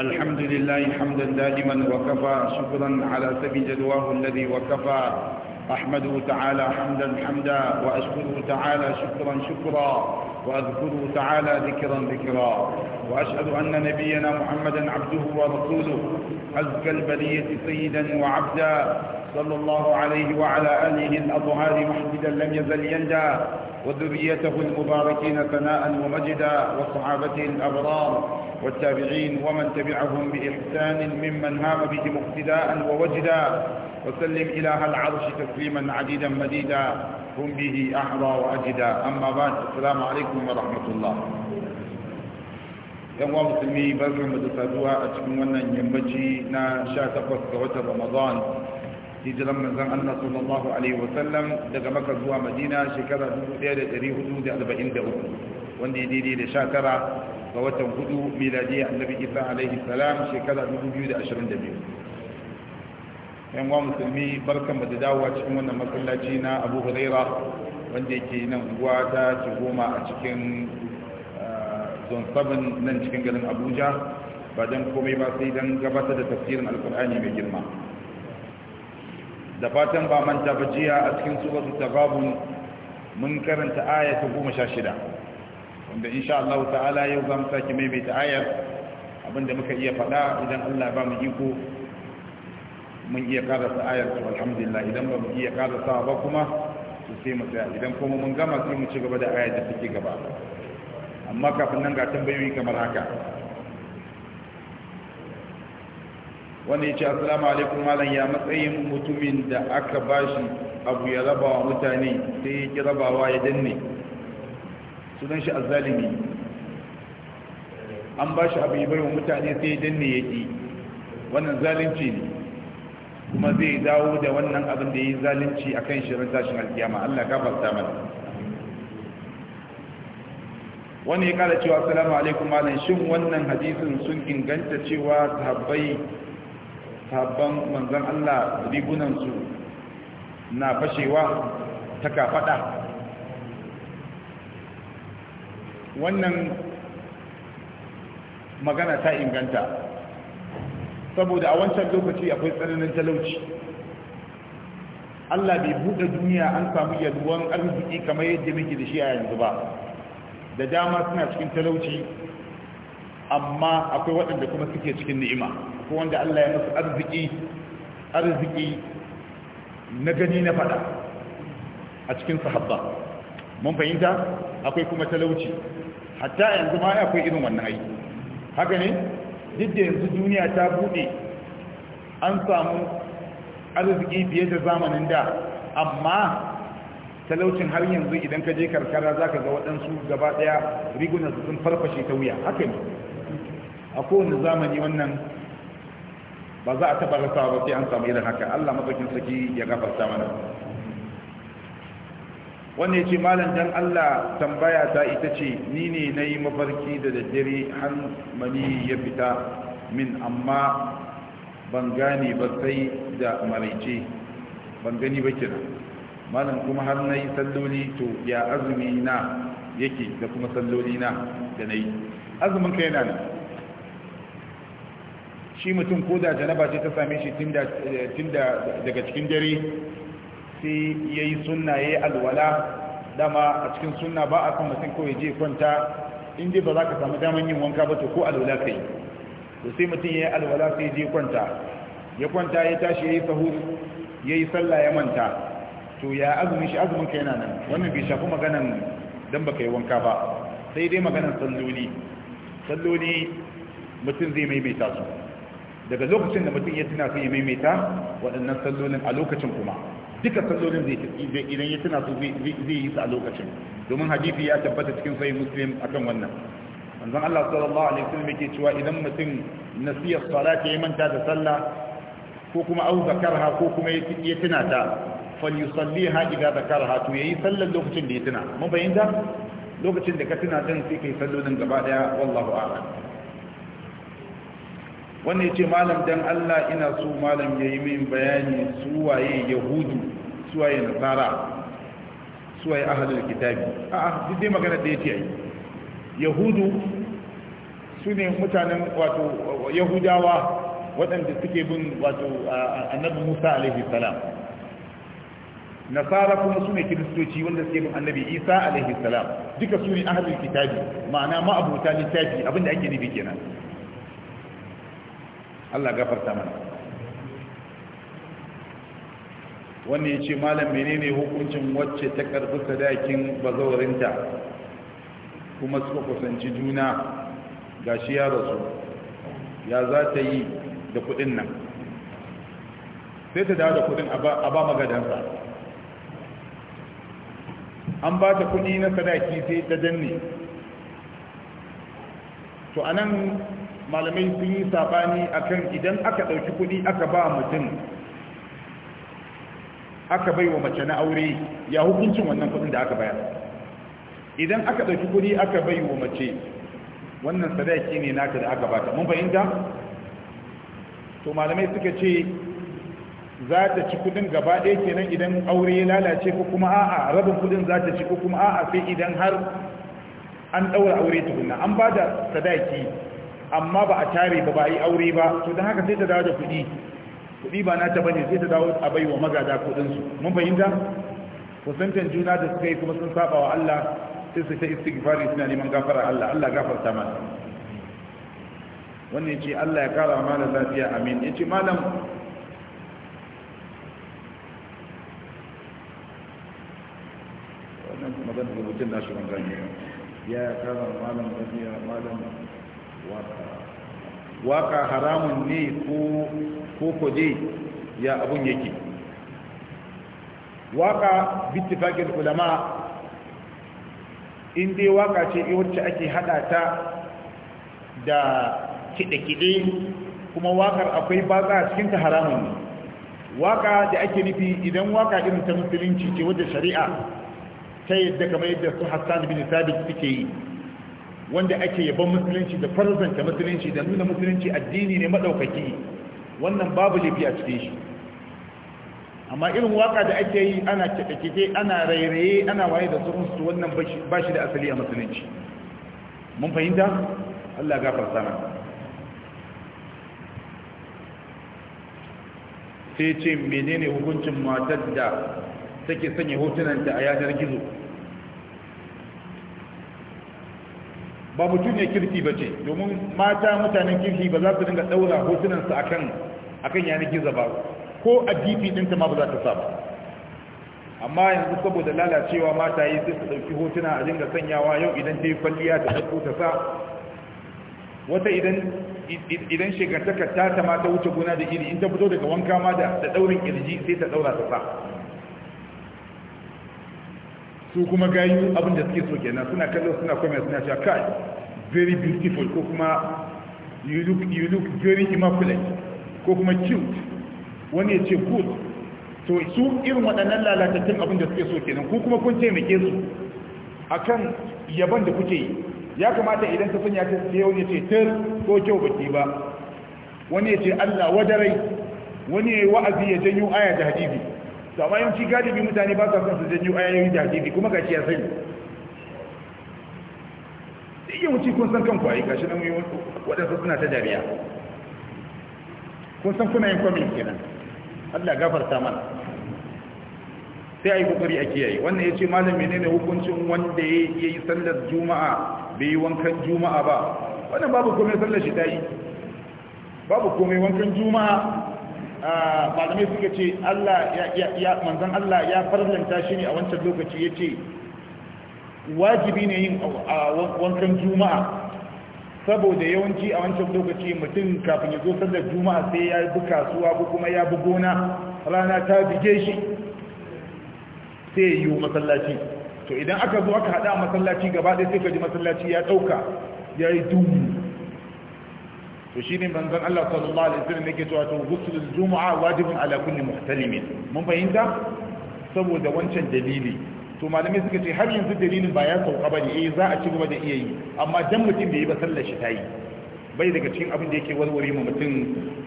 الحمد لله حمدا دائما وكفى شكرا على سبيل جدواه الذي وكفى أحمده تعالى حمدا حمدا وأشكره تعالى شكرا شكرا وأذكره تعالى ذكرا ذكرا وأشهد أن نبينا محمدا عبده ورسوله أزكى البرية سيدا وعبدا صلى الله عليه وعلى آله الأطهار محمدا لم يزل يندى وذريته المباركين ثناء ومجدا وصحابته الأبرار والتابعين ومن تبعهم بإحسان ممن هام بهم اقتداء ووجدا وسلم إله العرش تسليما عديدا مديدا هم به أحرى وأجدى أما بعد السلام عليكم ورحمة الله yan wa musulmi barkan mu da saduwa a cikin wannan yammaci na 18 ga watan Ramadan hijiran manzon Allah sallallahu alaihi wasallam daga Makka zuwa Madina shekara 1443 wanda ya daidai da 19 ga watan hudu miladi Annabi Isa alaihi salam shekara 2022 yan wa musulmi barkan da dawowa cikin wannan masallaci na abu huraira wanda yake nan unguwa ta ci goma a cikin ah, zone 7 nan cikin garin abuja ba don komai ba sai don gabatar da tafsirin alkur'ani mai girma da fatan ba manta ba jiya a cikin suratu babu mun karanta aya ta goma sha shida wanda insha Allah ta'ala yau zamu saki maimaita ayar abinda muka iya faɗa idan Allah ba mu iko mun iya sa ayar to alhamdulillah idan ba mu iya sa ba kuma to sai mu tsaya idan kuma mun gama sai mu ci gaba da ayar da take gaba amma kafin nan ga tambayoyi kamar haka wani ya ce assalamu alaikum malam ya matsayin mutumin da aka bashi abu ya raba wa mutane sai ya ki rabawa ya danne sunan shi azzalimi an bashi abu ya bai wa mutane sai ya danne ya ki wannan zalunci ne kuma zai dawo da wannan abin da ya yi zalunci a kan shirin tashin alkiyama Allah ka fasta mana wani ya kada cewa salamu alaikum malam shin wannan hadisin sun inganta cewa sahabbai sahabban manzon Allah su na fashewa ta kafada wannan magana ta inganta saboda a wancan lokaci akwai tsananin talauci Allah bai buɗe duniya an samu yalwan arziki kamar yadda muke da shi a yanzu ba da dama suna cikin talauci amma akwai waɗanda kuma suke cikin ni'ima ko wanda Allah ya musu arziki arziki na gani na fada a cikin sahabba mun fahimta akwai kuma talauci hatta yanzu ma akwai irin wannan aiki haka ne duk da yanzu duniya ta bude an samu arziki fiye da zamanin da amma talaucin har yanzu idan ka je karkara za ka ga waɗansu gaba ɗaya rigunan su sun farfashe ta wuya haka ne a kowane zamani wannan ba za a taɓa rasa ba sai an samu irin haka allah mafakin saki ya gafarta mana wanda ya ce malam dan Allah tambaya ta ita ce ni ne na yi mafarki da daddare har mani ya fita min amma ban gane ba sai da maraice ban gani ba kira malam kuma har na yi salloli to ya azumi na yake da kuma salloli na da na yi azumin ka yana nan shi mutum ko da janaba ce ta same shi tun eh, daga cikin dare sai ya yi sunna ya yi alwala dama a cikin sunna ba a kan mutum kawai je kwanta in dai ba za ka samu daman yin wanka ba to ko alwala kai to sai mutum ya yi alwala sai je kwanta ya kwanta ya tashi ya yi sahur ya yi sallah ya manta to ya azumin shi azumin ka yana nan wannan bai shafi maganan dan baka yi wanka ba sai dai maganan salloli salloli mutum zai maimaita su daga lokacin da mutum ya tuna sai ya maimaita waɗannan sallolin a lokacin kuma duka sallolin zai idan ya tuna su zai yi su a lokacin domin hadifi ya tabbata cikin sahih muslim akan wannan manzon Allah sallallahu alaihi wasallam yake cewa idan mutum nasiya salati ya manta da sallah ko kuma au zakarha ko kuma ya tuna ta falyusalliha idza zakarha to yayi sallar lokacin da ya tuna mun bayyana lokacin da ka tuna din sai kai sallolin gaba daya wallahu a'lam wanda ya ce malam dan allah ina so malam ya yi min bayani suwaye yahudu suwaye nasara suwaye ahalar kitabi a a duk dai magana da ya ce yahudu su ne mutanen wato yahudawa waɗanda suke bin wato annabi musa alaihi salam nasara kuma su ne kiristoci wanda suke bin annabi isa alaihi salam duka su ne ahalin kitabi ma'ana ma'abuta littafi abinda ake nufi kenan Allah gafarta mana wannan ya ce malam menene hukuncin wacce ta karbi sadakin bazawarinta kuma suka kusanci juna gashi ya rasu ya za ta yi da kudin nan sai ta dawo da kudin a ba magadansa an ba ta kudi na sadaki sai ta danne to anan malamai sun yi sabani akan idan aka ɗauki kuɗi aka ba mutum aka bai wa mace na aure ya hukuncin wannan kuɗin da aka bayar idan aka ɗauki kuɗi aka bai wa mace wannan sadaki ne naka da aka baka mun fahimta to malamai suka ce za ta ci kuɗin gaba ɗaya kenan idan aure ya lalace ko kuma a'a rabin kuɗin za ta ci ko kuma a'a sai idan har an ɗaura aure tukunna an ba da sadaki amma ba a tare ba ba a yi aure ba to don haka sai ta dawo da kuɗi kuɗi ba na nata bane sai ta dawo a bai wa magada kuɗinsu mun fahimta kusantan juna da suka yi kuma sun saba wa Allah sai su ta istighfari suna neman gafara Allah Allah gafarta mana wannan yace Allah ya kara mana lafiya amin yace malam wannan magana rubutun nashi ban gani ya kara malam lafiya malam waka haramun ne ko kwaje ya abun yake waka bittifakin ulama in dai waka ce wacce ake hada ta da kiɗe-kiɗe kuma wakar akwai baza ta haramun ne waka da ake nufi idan waka irin ta musulunci ce wadda shari'a ta yadda kamar yadda su hassan bin sabit suke yi wanda ake yaban musulunci da farzanta musulunci da nuna musulunci addini ne madaukaki wannan babu laifi a cikin shi amma irin waka da ake yi ana kike ana rairaye ana waye da sauran su wannan shi da asali a musulunci mun fahimta Allah gafarta mana sai ce menene hukuncin matar da take sanya hotunanta a yanar gizo ba mutum ne kirki ba ce domin mata mutanen kirki ba za su dinga ɗaura hotunansu a kan yanar gizo ba ko a dp ɗinta ma ba za ta sa amma yanzu saboda lalacewa mata yi sai su ɗauki hotuna a dinga sanyawa yau idan ta yi kwalliya ta ɗauko ta sa wata idan idan ta ta ta mata wuce gona da iri in ta fito daga wanka ma da ɗaurin ƙirji sai ta ɗaura ta sa su kuma gayu abin da suke so kenan suna kallo suna kwame suna cewa kai very beautiful ko kuma you look you look very immaculate ko kuma cute wani ya ce good to su irin waɗannan lalatattun abin da suke so kenan ko kuma kun taimake su akan yaban da kuke yi ya kamata idan ta sanya ta sai wani ya ce tir ko kyau baki ba wani ya ce Allah wadarai wani ya yi wa'azi ya janyo aya da hadisi to amma gadi galibi mutane ba sa son su janyo ayoyi da hadisi kuma gashi ya sani yin wuce kun san kanku ayi gashi nan yawan waɗansu suna ta dariya kun san kuna yin kwamin kenan Allah gafarta mana sai ayi kokari a kiyaye wannan yace malam menene hukuncin wanda yi sallar juma'a bai yi wankan juma'a ba wannan babu komai sallar shi ta yi babu komai wankan juma'a Ah, malamai suka ce Allah ya manzan Allah ya farlanta shi ne a wancan lokaci ya ce, wajibi ne yin ah, wankan juma'a saboda yawanci a wancan lokaci mutum kafin ya zo sallar juma'a sai ya bi kasuwa ko kuma ya bi gona rana ta bige shi sai ya yi masallaci to idan aka zo aka hada masallaci gaba ɗaya sai ka ji masallaci ya ɗauka ya yi duhu to shine banzan Allah sallallahu alaihi wasallam yake cewa to ghuslul jumu'a wajibun ala kulli muhtalimin mun fahimta saboda wancan dalili to malamai suka ce har yanzu dalilin ba ya sauka ne. eh za a ci gaba da iya yi amma dan mutum bai yi ba sallar shi tayi bai daga cikin abin da yake warware ma mutum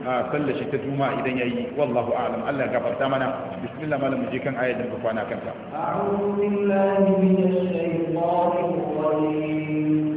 sallar shi ta juma'a idan yayi wallahu a'lam Allah ya gafarta mana bismillah malam je kan ayat da kwana kanta a'udhu billahi minash shaitanir rajim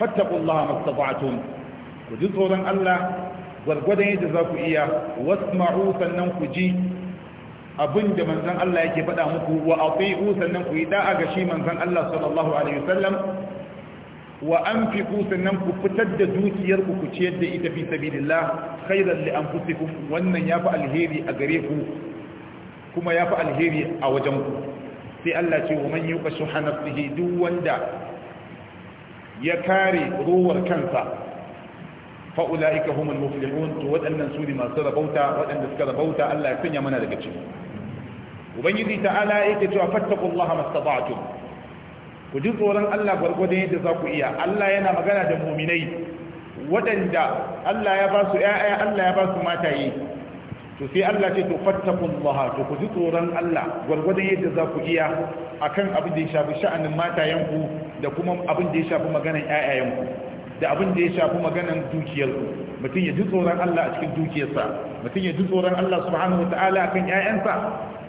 fattaqullaha mastata'tum ku ji tsoron Allah gwargwadon yadda za ku iya wasma'u sannan ku ji abin da manzon Allah yake faɗa muku wa ati'u sannan ku yi da'a ga shi manzon Allah sallallahu alaihi wasallam wa anfiqu sannan ku fitar da dukiyar ku ku ciyar da ita fi sabilillah khairan li anfusikum wannan yafi alheri a gare ku kuma yafi alheri a wajen ku sai Allah ce wa man yuqa shuha nafsihi duk wanda ya kare ruwar kansa fa'ula'ika humul muflihun to waɗannan su ne masu rabauta waɗanda suka rabauta Allah ya sanya mana daga ciki ubangiji ta'ala yake cewa fattaqullaha mastata'tum ku ji tsoron Allah gwargwadon yadda za ku iya Allah yana magana da muminai waɗanda Allah ya ba su ‘ya'ya Allah ya ba su mataye to sai Allah ce to fattaqullaha to ku ji tsoron Allah gwargwadon yadda za ku iya akan abin da ya shafi sha'anin matayenku da kuma abin da ya shafi maganan ƴaƴayenku da abin da ya shafi maganan dukiyarku mutum ya ji tsoron Allah a cikin dukiyarsa mutum ya ji tsoron Allah subhanahu wataala akan ƴaƴansa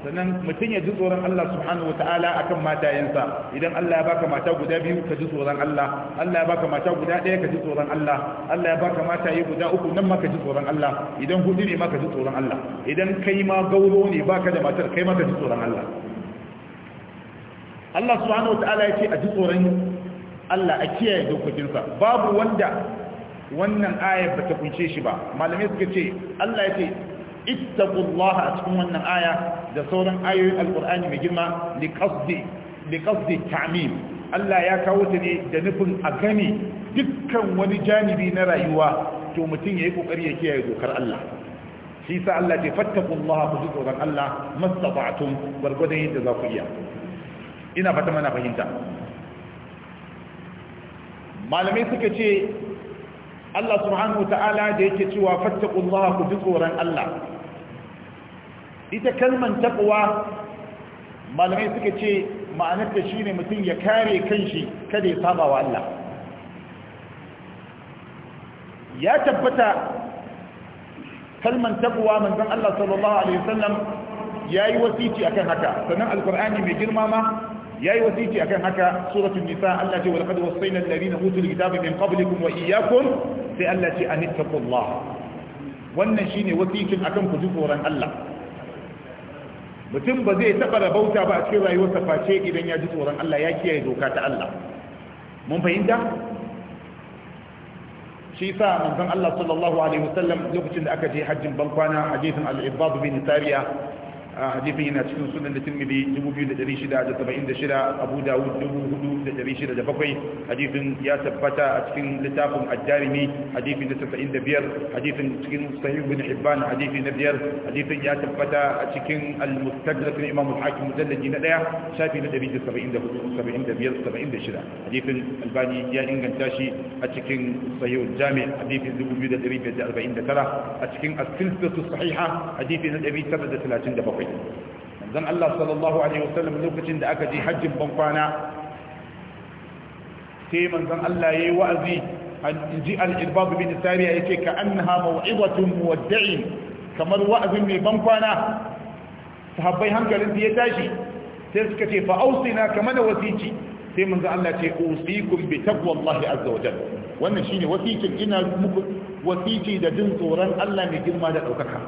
sannan mutum ya ji tsoron Allah subhanahu wa ta'ala akan matayensa idan Allah ya baka mata guda biyu ka ji tsoron Allah Allah ya baka mata guda ɗaya ka ji tsoron Allah Allah ya baka mata mataye guda uku nan ma ka ji tsoron Allah idan hudu ne ma ka ji tsoron Allah idan kai ma gauro ne baka da matar kai ma ka ji tsoron Allah Allah subhanahu ta'ala ya ce a ji tsoron Allah a kiyaye dokokinsa babu wanda wannan ayar ba ta kunshe shi ba malamai suka ce Allah ya ce ittaqullaha a cikin wannan aya da sauran ayoyin alqur'ani mai girma li qasdi li qasdi ta'mim Allah ya kawo ta ne da nufin a gani dukkan wani janibi na rayuwa to mutum yayi kokari ya kiyaye dokar Allah shi sa Allah ce fattaqullaha ku ji tsoron Allah mastata'tum gwargwadon yadda za ku iya ina fata mana fahimta malamai suka ce Allah subhanahu ta'ala da yake cewa fattaqullaha ku ji tsoron Allah ita kalman taqwa malamai suka ce shi shine mutum ya kare kanshi kada ya saba wa Allah ya tabbata kalman taqwa manzon Allah sallallahu alaihi wasallam yayi wasici akan haka sannan alqur'ani mai girma ma yayi wasiki akan haka suratul nisa Allah ce walaqad wasayna alladhina utul kitaba min qablikum wa iyyakum sai Allah ce anittaqullah wannan shine wasikin akan ku ji tsoron Allah mutum ba zai taba rabauta ba a cikin rayuwarsa face idan ya ji tsoron Allah ya kiyaye doka ta Allah mun fahimta shi sa manzon Allah sallallahu alaihi wasallam lokacin da aka je hajjin bankwana hadisin al-ibad bin Sariya hadisin yana cikin sunan da tirmidhi 2676 abu dawud 4607 hadisin ya tabbata a cikin littafin ad-darimi hadisin da biyar hadisin cikin sahih bin hibban hadisi na biyar hadisin ya tabbata a cikin al-mustadrak na imam al-hakim mujalladi na daya shafi na 174 hadisin albani ya inganta shi a cikin sahih al-jami' hadisin 2549 a cikin as-silsilatu sahiha hadisi na 737 bakwai manzon Allah sallallahu alaihi wasallam lokacin da aka je hajjin bankwana sai manzon Allah ya yi wa'azi an ji al-irbab bin sariya yace ka annaha maw'izatun muwaddi'in kamar wa'azin mai bankwana habbai hankalin ya tashi sai suka ce fa ausina kama da wasici sai manzo Allah ce usikum bi taqwallahi azza wa jalla wannan shine wasicin ina muku wasici da jin tsoron Allah mai girma da ɗaukaka.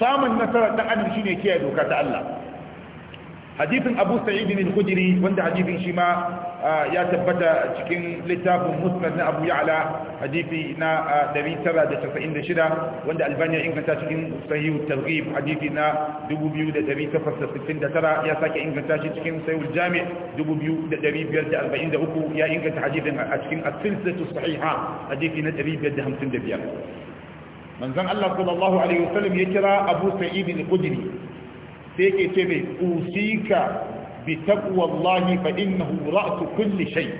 samun nasarar dan adam shine kiyaye doka ta Allah hadithin Abu Sa'id al-Khudri wanda hadithin shi ma ya tabbata cikin littafin Musnad na Abu Ya'la hadithi na 996 wanda albania inganta cikin Sahih al-Targhib hadithi na 2869 ya sake inganta shi cikin Sahih al-Jami' 2543 ya inganta hadithin a cikin As-Silsilatu Sahiha hadithi na 555 manzon Allah sallallahu alaihi wasallam ya kira Abu Sa'id al-Khudri sai yake ce mai usika bi taqwallahi fa innahu ra'su kulli shay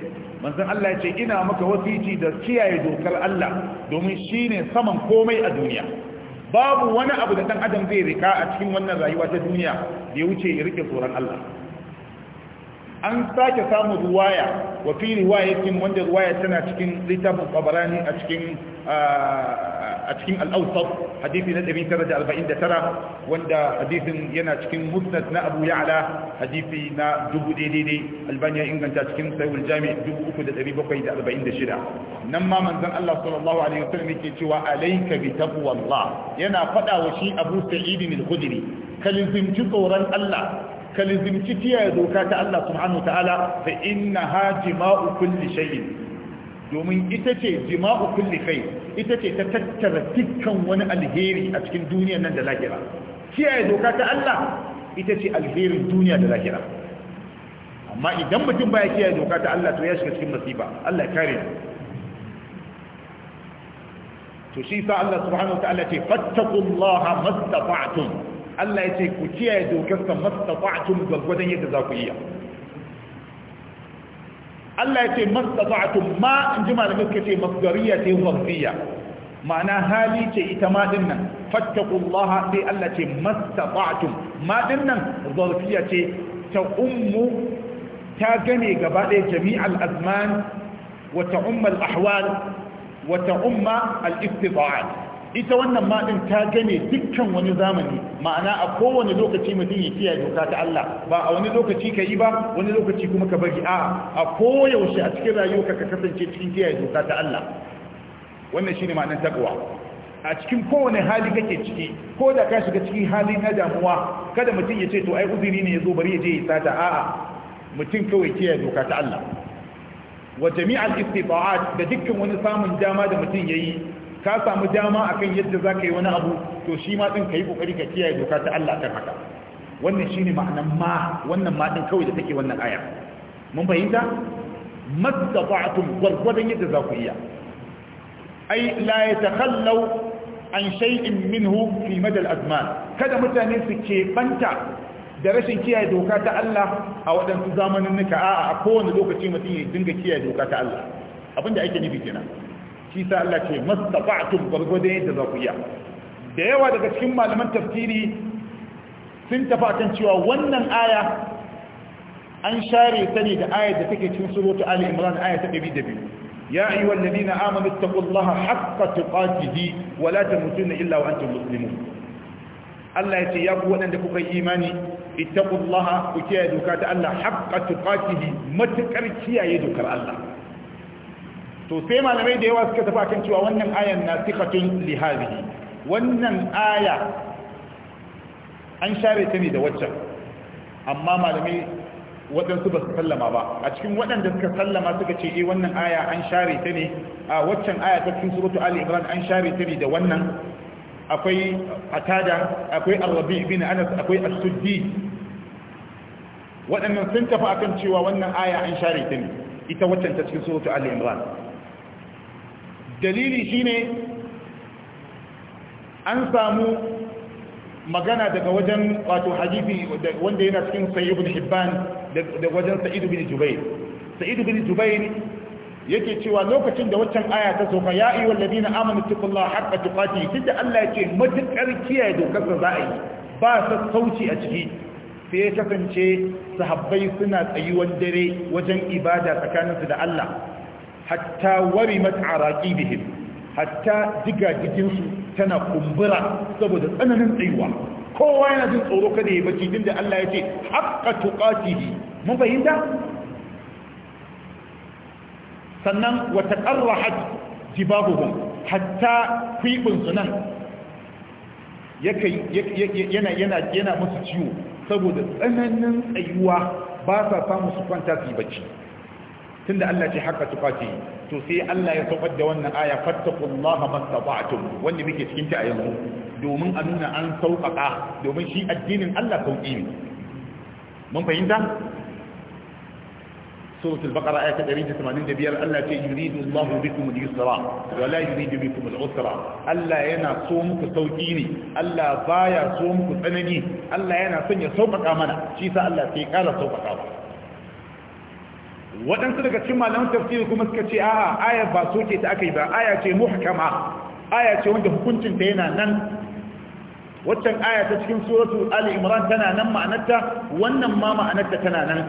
manzon Allah ya ce ina maka wasici da kiyaye dokar Allah domin shine saman komai a duniya babu wani abu da dan adam zai rika a cikin wannan rayuwa ta duniya da ya wuce ya rike tsoron Allah an sake samu ruwaya wa fi riwayatin wanda ruwaya tana cikin littafin barani a cikin a cikin al-awsat hadisi na 949 wanda hadisin yana cikin musnad na Abu Ya'la hadithi na 1000 albani ya inganta cikin sahihul jami 3746 nan ma manzon Allah sallallahu alaihi wasallam yake cewa alayka bi taqwallah yana fada wa shi Abu Sa'id al-Khudri kalizimci tsoron Allah kalizimci kiyaye doka ta Allah subhanahu wa ta'ala fa innaha jima'u kulli shay'in domin ita ce jima'u kulli kai ita ce ta tattara dukkan wani alheri a cikin duniyar nan da lahira kiyaye doka ta Allah ita ce alherin duniya da lahira amma idan mutum baya kiyaye doka ta Allah to ya shiga cikin masifa Allah ya kare to shi sa Allah subhanahu ta'ala ce fattaqullaha mastata'tum Allah ya ce ku kiyaye dokar sa mastata'tum gwargwadon yadda za ku iya Allah ya ce mastata'tum ma in ji malamai suka ce ce zarfiya ma'ana hali ce ita ma din nan fattaqullaha sai Allah ce mastata'tum ma din nan zarfiya ce ta ummu ta gane gaba ɗaya jami'al azman wa ta umma al ahwal wa ta umma al istita'at ita wannan maɗin ta gane dukkan wani zamani ma'ana a kowane lokaci mutum ya kiyaye doka ta Allah ba a wani lokaci ka yi ba wani lokaci kuma ka bari a a koyaushe a cikin rayuwa ka kasance cikin kiyaye doka ta Allah wannan ne ma'anin takwa a cikin kowane hali kake ciki ko da ka shiga cikin hali na damuwa kada mutum ya ce to ai uzuri ne ya zo bari ya je ya sata a'a mutum kawai kiyaye doka ta Allah wa jami'al istita'at da dukkan wani samun dama da mutum yayi ka samu dama akan yadda za ka yi wani abu to shi ma ɗin ka yi ƙoƙari ka kiyaye doka ta Allah kan haka wannan shi ne ma'anan ma wannan ma ɗin kawai da take wannan aya mun fahimta mastata'tum gwargwadon yadda za ku iya ai la yatakhallaw an shay'in minhu fi madal azman kada mutane su ke banta da rashin kiyaye doka ta Allah a waɗansu zamanin nika a kowane lokaci mutum ya dinga kiyaye doka ta Allah abinda ake nufi kenan shi sa Allah ce mastata'tum gurgurdan yadda za ku iya da yawa daga cikin malaman tafsiri sun tafi akan cewa wannan aya an share ta ne da ayar da take cikin surutu Ali Imran aya ta 102 ya ayyuhal ladina amanu taqullaha haqqa tuqatih wa la na illa wa antum Allah ya ce ya ku waɗanda kuka yi imani ita ittaqullaha ku kiyaye doka ta Allah haqqa tuqatih matakar kiyaye dokar Allah to sai malamai da yawa suka tafi akan cewa wannan ayan na li hadhihi wannan aya an share ta ne da waccan amma malamai waɗansu ba su sallama ba a cikin waɗanda suka sallama suka ce eh wannan aya an share ta ne a waccan aya ta cikin suratu ali imran an share ta ne da wannan akwai atada akwai arrabi bin anas akwai as-suddi waɗannan sun tafi akan cewa wannan aya an share ta ne ita waccan ta cikin suratu ali imran dalili shine an samu magana daga wajen wato hadisi wanda yana cikin sayyid ibn hibban da wajen sa'id ibn jubair sa'id ibn jubair yake cewa lokacin da waccan aya ta soka ya ayyuha alladhina amanu taqullaha haqqa tuqatih tunda Allah yake matukar kiyaye dokar da za a yi ba sassauci a ciki sai ya kasance sahabbai suna tsayuwan dare wajen ibada tsakaninsu da Allah hatta warimat araqibihim hatta digajin su tana kumbura saboda tsananin tsayuwa kowa yana jin tsoro kada ya bacci din da Allah ya ce haqqa tuqatihi mun fahimta sannan wa taqarrahat jibahuhum hatta kuibun sunan yake yana yana yana musu ciwo saboda tsananin tsayuwa ba sa samu su kwanta su yi bacci tunda Allah ce haka tuqati to sai Allah ya saukar da wannan aya fattaqullaha mastata'tum wanda muke cikin ta a yanzu domin a nuna an sauƙaƙa domin shi addinin Allah sauƙi ne mun fahimta suratul baqara ayat 185 Allah ce yuridu Allahu bikum al-yusra wa la yuridu bikum al-usra Allah yana so muku sauki ne Allah baya so muku tsanani Allah yana son ya sauƙaƙa mana shi sa Allah sai ƙara sauƙaƙa waɗansu daga cikin malaman tafsiri kuma suka ce a'a aya ba soke ta aka yi ba aya ce muhkama aya ce wanda hukuncin ta yana nan waccan aya ta cikin suratu ali imran tana nan ma'anarta wannan ma ma'anarta tana nan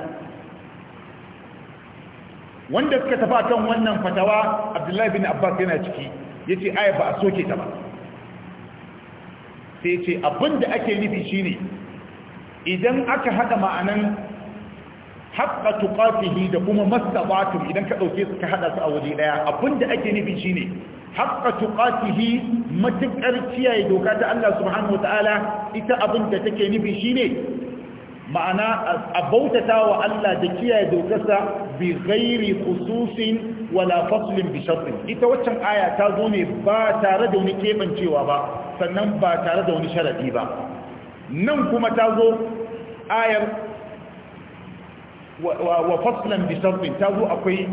wanda suka tafa kan wannan fatawa abdullahi bin abbas yana ciki Ya ce aya ba a soke ta ba sai ce abinda ake nufi shine idan aka haɗa ma'anan haƙa tuƙafihi da kuma mastabatun idan ka ɗauke su ka haɗa su a waje ɗaya abinda ake nufi shi ne haƙa tuƙafihi matuƙar kiyaye doka ta Allah subhanahu wa ta'ala ita abinda take nufi shi ne ma'ana a bautata wa Allah da kiyaye dokarsa bi ghairi khususin wala faslin bi shartin ita waccan aya ta zo ne ba tare da wani kebancewa ba sannan ba tare da wani sharadi ba nan kuma ta zo ayar wa faslan bi ta zo akwai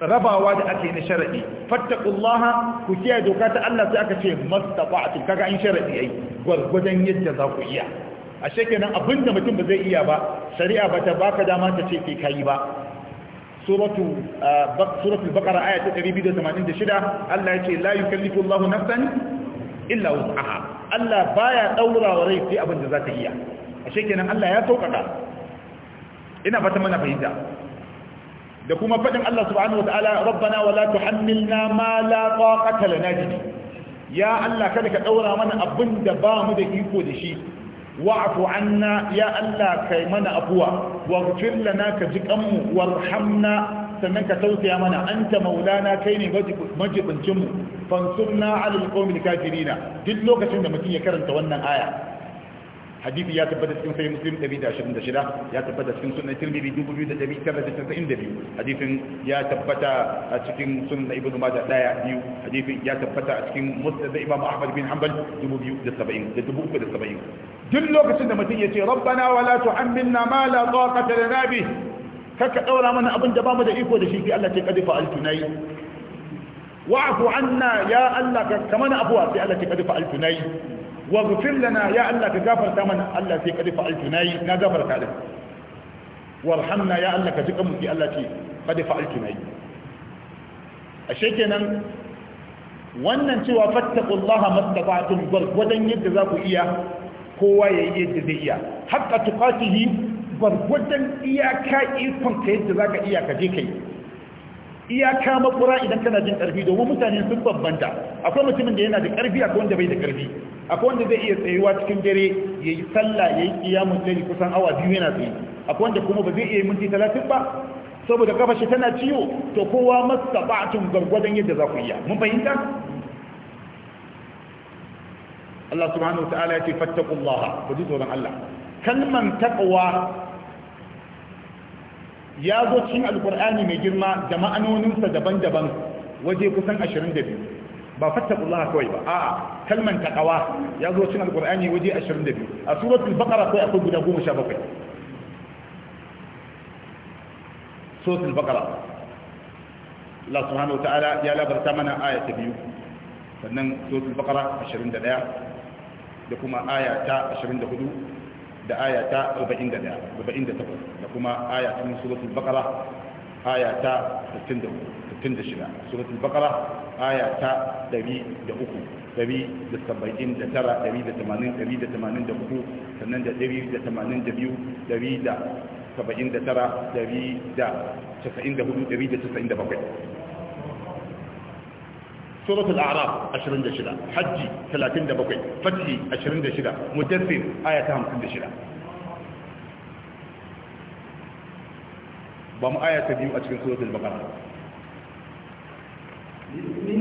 rabawa da ake na sharadi fattaqullaha ku kiyaye doka ta Allah sai aka ce mastata'tu kaga in sharadi ai gwargwadon yadda za ku iya ashe kenan abinda mutum ba zai iya ba shari'a ba ta baka dama ta ce kai kai ba suratu suratul baqara aya ta 286 Allah yace la yukallifu Allahu nafsan illa wus'aha Allah baya daura wa rai sai abinda za ta iya ashe kenan Allah ya saukaka ina fata mana fahimta da kuma fadin Allah subhanahu wataala rabbana wala tuhammilna ma la taqata lana bihi ya Allah kada ka daura mana abin da ba mu da iko da shi wa'fu anna ya Allah kai mana afuwa waghfir lana ka ji kanmu warhamna sannan ka tausaya mana anta maulana kai ne majibincin mu fansurna alal qawmil kafirin duk lokacin da mutum ya karanta wannan aya hadisi ya tabbata cikin sahih muslim 126 ya tabbata cikin sunan tirmidhi 2992 hadisin ya tabbata a cikin sunan ibnu majah daya biyu hadisin ya tabbata a cikin musnad imam ahmad bin hanbal 270 da 370 duk lokacin da mutum ya ce rabbana wala tu'ammilna ma la taqata lana bih kaka daura mana abin da bamu da iko da shi sai Allah ce kadifa altunai wa'fu anna ya Allah kamana abuwa sai Allah ce kadifa altunai wa ghfir lana ya Allah ka gafarta mana Allah sai ka dafa altu nayi na gafarta da warhamna ya Allah ka jika mu sai Allah ce ka dafa altu nayi ashe kenan wannan cewa fattaqullaha mastata'tum gwargwadon yadda za ku iya kowa ya yi yadda zai iya haqqa tuqatihi gwargwadon iyaka ikon ka yadda za ka iya ka je kai iyaka makura idan kana jin karfi domin mutane sun babbanta. akwai mutumin da yana da karfi akwai wanda bai da karfi akwai wanda zai iya tsayuwa cikin dare ya yi sallah ya yi kiyamun dare kusan awa biyu yana tsaye akwai wanda kuma ba zai iya minti talatin ba saboda kafa shi tana ciwo to kowa masa ba'atun gwargwadon yadda za ku iya mun fahimta Allah subhanahu ta'ala ya ce fattaqullaha ku ji tsoron Allah kalman taqwa ya zo cikin alqur'ani mai girma da ma'anoninsa daban-daban waje kusan 22 ba fattaqullaha kawai ba a'a kalman taqwa ya zo cikin alqur'ani waje 22 a suratul baqara kai akwai guda 17 suratul baqara Allah subhanahu wataala ya labarta mana aya ta biyu sannan suratul baqara 21 da kuma aya ta 24 da aya ta 48 da kuma aya ta suratul baqara aya ta 64 سورة البقرة آية تا دبي دوكو دبي دسبعين دترا دبي دثمانين دبي دثمانين دوكو سنن دبي دثمانين دبيو دبي دا سبعين دترا دبي دا تسعين دهودو دبي تسعين دبوكي سورة الأعراف عشرين دشنا حج ثلاثين دبوكي فتح عشرين دشنا مدثر آية تام دشنا بام آية تبيو أشكال سورة البقرة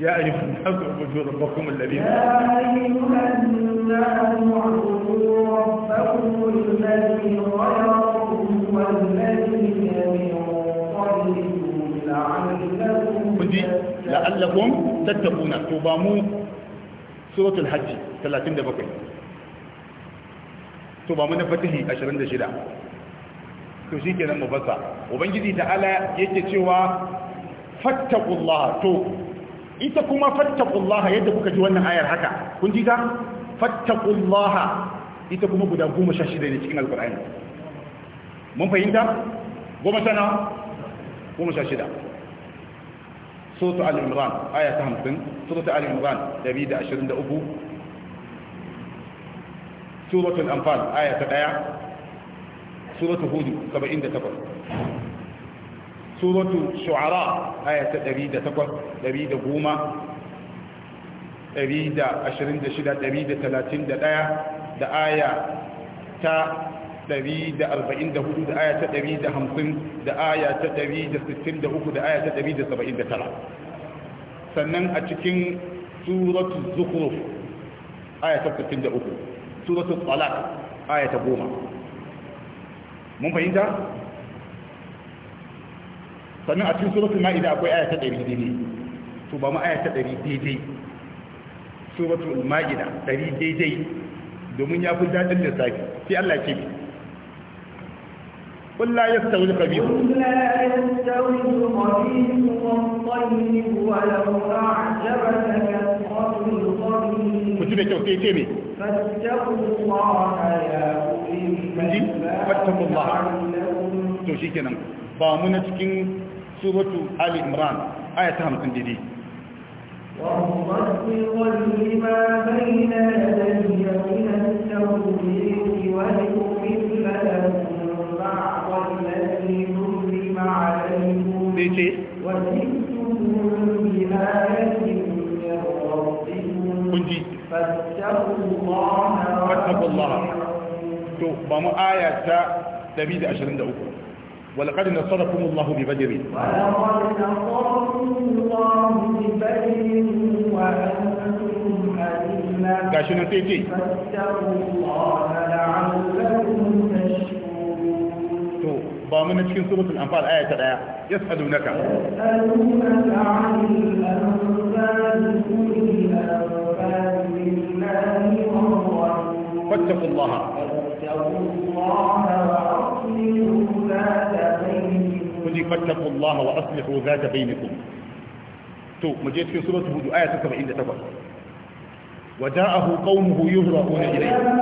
يا أيها الناس اعبدوا ربكم الذي يا أيها الناس اعبدوا ربكم الذي خلقكم والذين من لعلكم تتقون توبامو سورة الحج 37 توبامو نفتحي 26 to shi kenan mu fasa ubangiji ta'ala yake cewa fattakullah to ita kuma fattaqullaha yadda kuka ji wannan ayar haka kun ji ta fattaqullaha ita kuma guda goma sha shida ne cikin alqur'ani mun fahimta goma sana goma sha shida suratu al-imran aya ta 50 suratu al-imran 123 suratul anfal aya ta 1 suratu hud 78 suratu shu'ara aya ta 108 110 126 da aya ta 144 da aya ta 150 da aya ta 163 da aya ta 179 sannan a cikin suratu zukhruf aya ta 63 suratu talaq aya ta 10 mun fahimta sannan a cikin suratul ma'ida akwai aya ta 100 daidai to ba mu aya ta 100 daidai suratul ma'ida 100 daidai domin ya fi dadin lissafi sai Allah ya ce قل لا يستوي الخبيث قل لا يستوي الخبيث والطيب ولو أعجبك كثرة الخبيث فاتقوا الله يا أولي الألباب فاتقوا الله to shi kenan ba mu na cikin سورة آل عمران آية 50 تنجدي ومصدقا لما بين يدي من التوحيد ولأكمل لكم بعض الذي ظلم عليكم وجئتكم بآية من ربكم فاتقوا الله فاتقوا الله تو بما آية دوكم. ولقد نصركم الله ببدر ولقد نصركم الله ببدر وأنتم حليما فاستروا الله لعلكم تشكرون تو بامن تشكين سورة الأنفال آية يسألونك الله فاتقوا الله الرجل فاتقوا الله وأصلحوا ذات بينكم تو جيت في سورة هود آية 78 وجاءه قومه يهرؤون إليه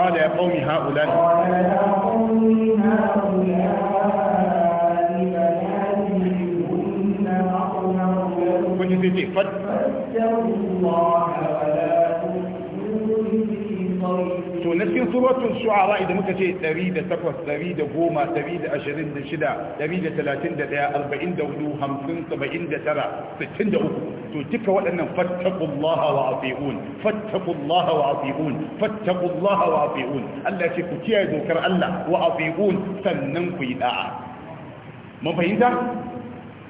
قال يا قوم هؤلاء قال يا قوم هؤلاء الله ولا تو نسكن الشعراء إذا ممكن تريد تقوص تريد قومة تريد أشرين شدا تريد ثلاثين دا أربعين دا ولو همسين سبعين دا ترى ستين دا أكو تو وأن فاتقوا الله وعطيئون فاتقوا الله وعطيئون فاتقوا الله وعطيئون ألا شكو تيادو كر وعطيئون سننكو إذا ما فهمت؟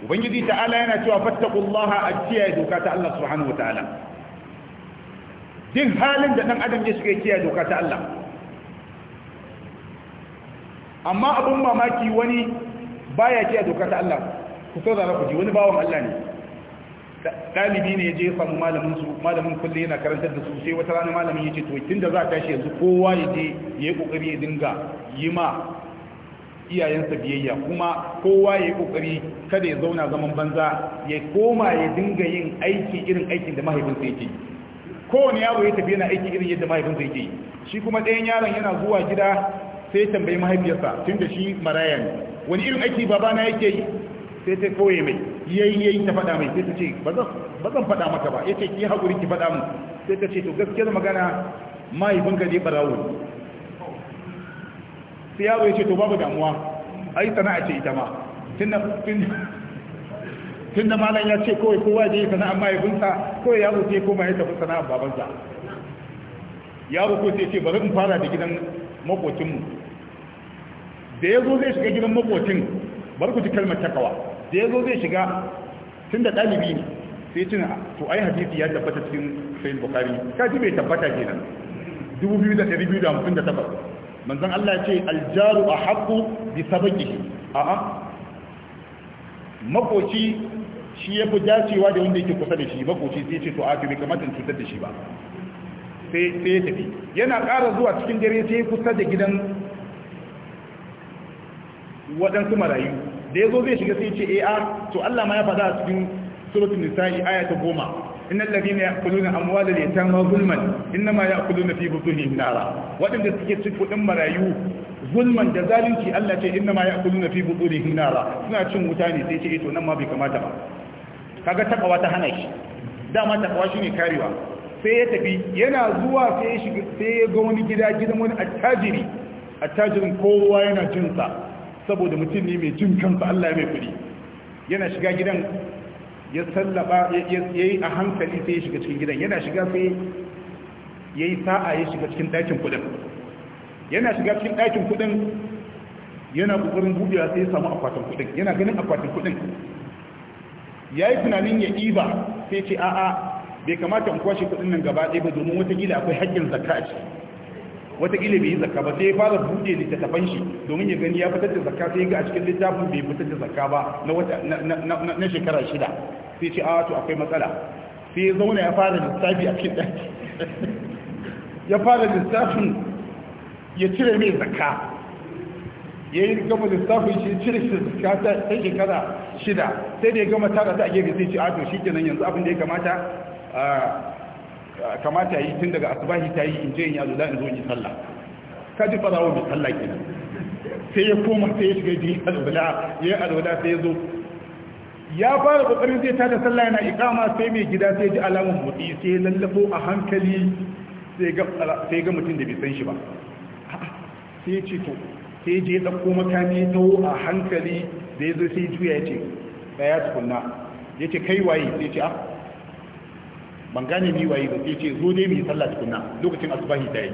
ubangiji ta'ala yana cewa fattaqullaha a kiyaye doka ta Allah subhanahu wataala duk halin da dan adam ya shiga kiyaye doka ta Allah amma abun mamaki wani baya kiyaye doka ta Allah ku so zara ku ji wani bawon Allah ne dalibi ne yaje ya samu malamin su malamin kullu yana karantar da su sai wata rana malamin ce to tunda za ta tashi yanzu kowa ya yayi kokari ya dinga yi ma iyayensa biyayya kuma kowa ya yi kokari kada ya zauna zaman banza ya koma ya dinga yin aiki irin aikin da mahaifinsa yake yi kowane yaro ya tafi yana aiki irin yadda mahaifinsa yake yi shi kuma ɗayan yaron yana zuwa gida sai tambayi mahaifiyarsa tun da shi maraya wani irin aiki babana yake yi sai ta kawai mai yayi yayi ta faɗa mai sai ta ce ba zan faɗa maka ba yace ki hakuri ki faɗa mu sai ta ce to gaskiyar magana mahaifinka ne barawo sai yaro ya ce to babu damuwa ai sana'a ce ita ma tun da malam ya ce kawai kowa ya je sana'a mahaifinsa kawai yaro sai koma ya tafi sana'a babansa yaro ko sai ce bari in fara da gidan makocinmu da ya zo zai shiga gidan makocin bari ku ci kalmar takawa da ya zo zai shiga tun da ɗalibi ne sai cin to ai hadisi ya tabbata cikin sayin bukari kaji bai tabbata kenan 2258 manzon Allah ya ce aljaru ahqqu bi sabaqihi a'a makoci shi ya fi dacewa da wanda yake kusa da shi makoci sai ce to a bai kamata in cutar da shi ba sai ya tafi yana ƙara zuwa cikin dare sai kusa da gidan waɗansu marayu da ya zo zai shiga sai ce eh, a to Allah ma ya faɗa a cikin suratul nisa'i aya ta goma innal ladina ya'kuluna amwalal yatama zulman innama ya'kuluna fi butunihim nara wadanda suke cikin kudin marayu zulman da zalunci Allah ce innama ya'kuluna fi butunihim nara suna cin wuta ne sai ce eh, to nan ma bai kamata ba kaga takawa ta hana shi dama shi ne karewa sai ya tafi yana zuwa sai ya shiga sai ya ga wani gida gidan wani attajiri attajirin kowa yana jinsa saboda mutum ne mai jin kansa Allah ya mai kudi yana shiga gidan ya sallaba ya yi a hankali sai ya shiga cikin gidan yana shiga sai ya yi sa'a ya shiga cikin ɗakin kudin yana shiga cikin ɗakin kudin yana ƙoƙarin buɗewa sai ya samu akwatin kudin yana ganin akwatin kudin ya yi tunanin ya ɗiba sai ce a'a bai kamata in kwashe kudin nan gaba ɗaya ba domin wata gida akwai haƙƙin zakka a ciki wataƙila bai yi zakka ba sai ya fara buɗe littattafan shi domin ya gani ya fitar da zakka sai ga a cikin littafin bai fitar da zakka ba na shekara shida sai ce a to akwai matsala sai ya zauna ya fara lissafi a cikin ɗaki ya fara lissafin ya cire mai zakka ya yi gama lissafin shi cire shi zakka ta shekara shida sai da ya gama tara ta a gefe sai ce a to shi kenan yanzu abin da ya kamata kamata yi tun daga asibahi ta yi in je in yi alula in zo in yi sallah ka ji farawo mai sallah nan sai ya koma sai ya shiga ji alula ya yi alula sai ya zo ya fara kokarin zai tada sallah yana ikama sai mai gida sai ji alamun motsi sai ya lallafo a hankali sai ga mutum da bai san shi ba sai ya ce to sai je ya ɗauko makami taho a hankali da ya zo sai juya ya ce ɗaya tukunna ya ce kai waye sai ce a ah, ban gane ni waye ba sai ce zo dai mu yi sallah tukunna lokacin asubahi ta yi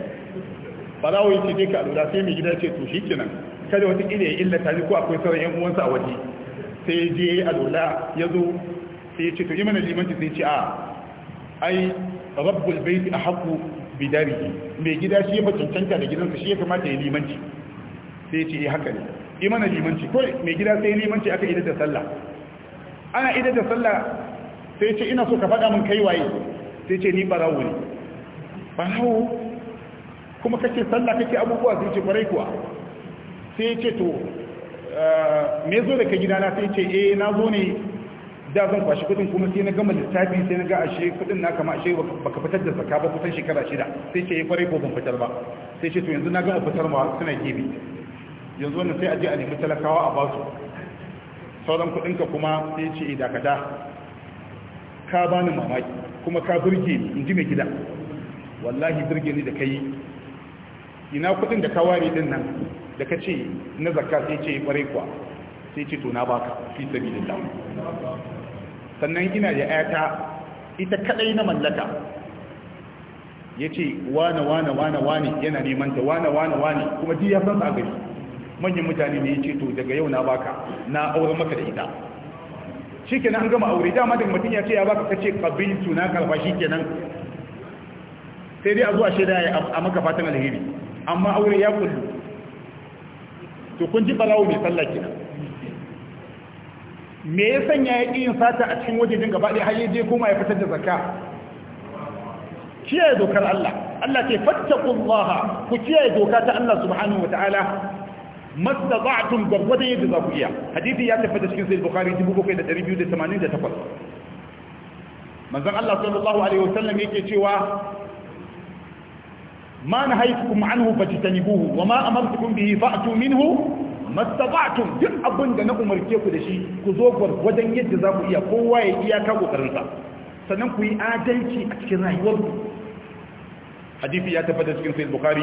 za ce dai ka alura sai mai gida ce to shikenan kada wata kila ya illata ni ko akwai sauran yan uwansa a waje sai je alura ya zo sai ce to imanin limanci sai ce a ai rabbul baiti ahqqu bidarihi mai gida shi ya cancanta da gidansa shi ya kamata ya limanci sai ce eh haka ne imanin limanci ko mai gida sai limanci aka idar da sallah ana idar da sallah sai ce ina so ka faɗa min kai waye sai ce ni barawo ne barawo kuma kake sallah kake abubuwa sai ce kwarai kuwa sai ce to eh, me zo da gida na sai ce eh na zo ne da zan kwashi kudin kuma sai na gama littafi sai na ga ashe kudin na kama ashe baka fitar da zaka ba kusan shekara shida sai ce eh kwarai ko ban fitar ba sai ce to yanzu na gama fitar ma suna gibi yanzu wannan sai a je a nemi talakawa a basu sauran ka kuma sai ce idakata eh, ka bani mamaki kuma ka burge ni in ji mai gida wallahi burge ni da ka yi ina kudin da ka ware din nan da ka ce na zakka sai ce kwarai kuwa sai ce to na baka fi sabi da sannan ina da ayata ita kadai na mallaka ya ce wane wane wane wane yana neman ta wane wane wane kuma duk ya san sa gari manyan mutane ne ya ce to daga yau na baka na aure maka da ita shikenan an gama aure dama da mutum ya ce ya baka kace qabiltu na karba shikenan sai dai a zuwa shaida a maka fatan alheri amma aure ya kullu to kun ji balawo mai sallah kenan me ya sanya ya ƙi yin sata a cikin wajejen gaba ɗaya har yaje koma ya fitar da zakka kiyaye dokar Allah Allah ce fattaqullaha ku kiyaye doka ta Allah subhanahu wataala tun gargwadon yadda za ku iya hadisi ya tafi da cikin sahih bukhari 7288 manzon Allah sallallahu alaihi wasallam yake cewa ma nahaytukum anhu buhu wa ma amartukum bihi fa'tu minhu tun duk abin da na umarce ku da shi ku zo gargwadon yadda za ku iya kowa ya iya iyaka kokarinsa sannan ku yi adalci a cikin rayuwarku hadisi ya tafi da cikin sahih bukhari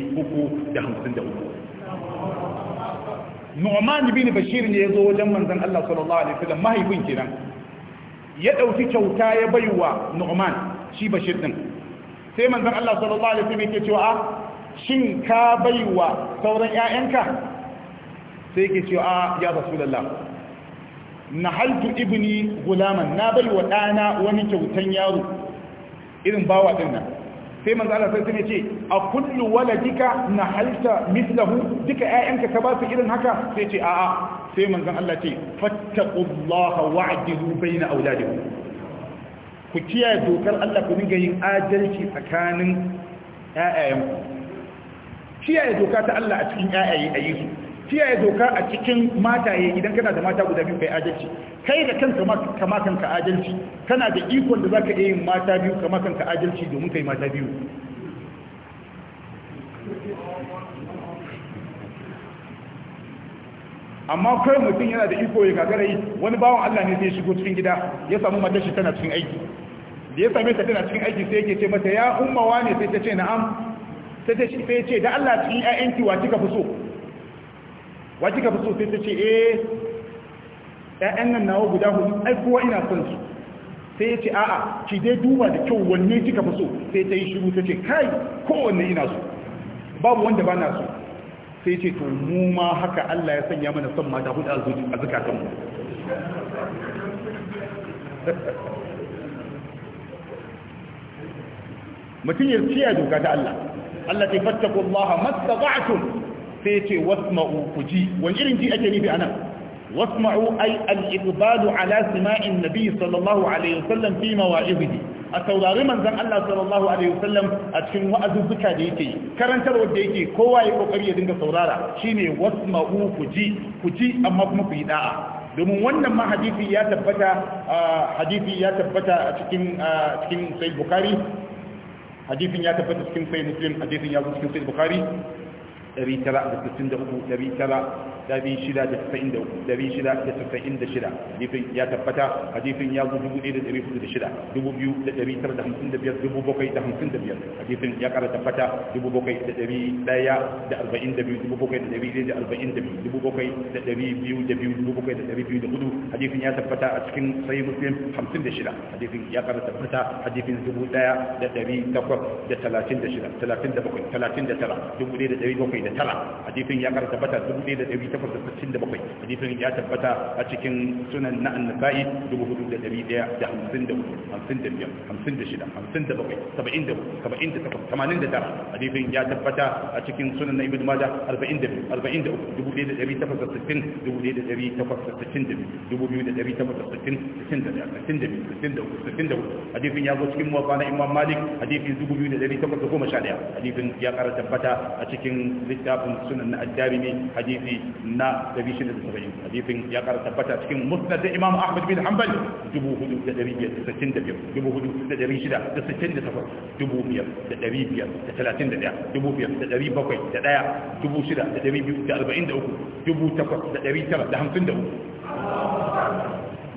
353 Nu'man bin Bashir ne ya zo wajen manzon Allah sallallahu alaihi wasallam mahaifin kenan ya dauki kyauta ya baiwa Nu'man shi Bashir din sai manzon Allah sallallahu alaihi wasallam yake cewa ah, shin ka baiwa sauran ƴaƴanka sai yake cewa ah, ya rasulullah nahaltu ibni gulaman na baiwa dana wani kyautan yaro irin bawa din nan sai manzo Allah sai ya ce a kullu waladika nahalta mithlahu duka ƴaƴanka ka ba su irin haka sai ce a'a sai manzon Allah ce fattaqullaha wa'dilu baina auladikum ku kiyaye dokar Allah ku dinga yin adalci tsakanin ku. kiyaye doka ta Allah a cikin ƴaƴaye a yi kiyaye doka a cikin mataye idan kana da mata guda biyu kai adalci kai da kanka kama kanka adalci kana da ikon da zaka iya yin mata biyu kama kanka adalci domin kai mata biyu amma kai mutum yana da iko ya gagara yi wani bawan Allah ne zai shigo cikin gida ya samu matar shi tana cikin aiki da ya same ta tana cikin aiki sai yake ce mata ya umma wane sai ta ce na'am sai ta ce da Allah cikin ƴaƴanki wa kika fi so wa kika fi so sai ta ce eh ƴaƴan nan nawa guda hudu ai kowa ina son su sai ya ce a'a ki dai duba da kyau wanne kika fi so sai ta yi shiru ta ce kai kowanne ina so babu wanda ba na so sai ce to mu ma haka Allah ya sanya mana son mata hudu a mu. mutum ya ciya doka ta Allah Allah ta fattaku Allah mastata'tum sai ce wasma'u ku ji wani irin ji ake nufi anan wasma'u ai al-iqbalu ala sima'in nabi sallallahu alaihi wasallam fi mawa'izihi a saurari manzan Allah sallallahu alaihi wasallam a cikin wa'azuzzuka da yake karantarwa da yake kowa ya kokari ya dinga saurara shine wasma'u ku ji ku ji amma kuma ku yi da'a domin wannan ma hadisi ya tabbata hadisi ya tabbata a cikin cikin sahih bukhari hadisin ya tabbata cikin sahih muslim hadisin ya zo cikin sahih bukhari 963 shida hadifin ya tabbata hadifin ya zo da biyar hadifin ya kara tabbata hudu hadifin ya tabbata a cikin sahih muslim shida hadifin ya kara tabbata hadithin 1836 37 da tara hadifin ya kara tabbata 1800 hadisin ya tabbata a cikin sunan na annabai hadisin ya tabbata a cikin sunan na hadisin ya zo cikin muwafa na imam malik hadisin hadisin ya tabbata a cikin littafin sunan na hadisi na 670 hadisin ya ƙara tabbata cikin musnad imam ahmad bin hanbal uku.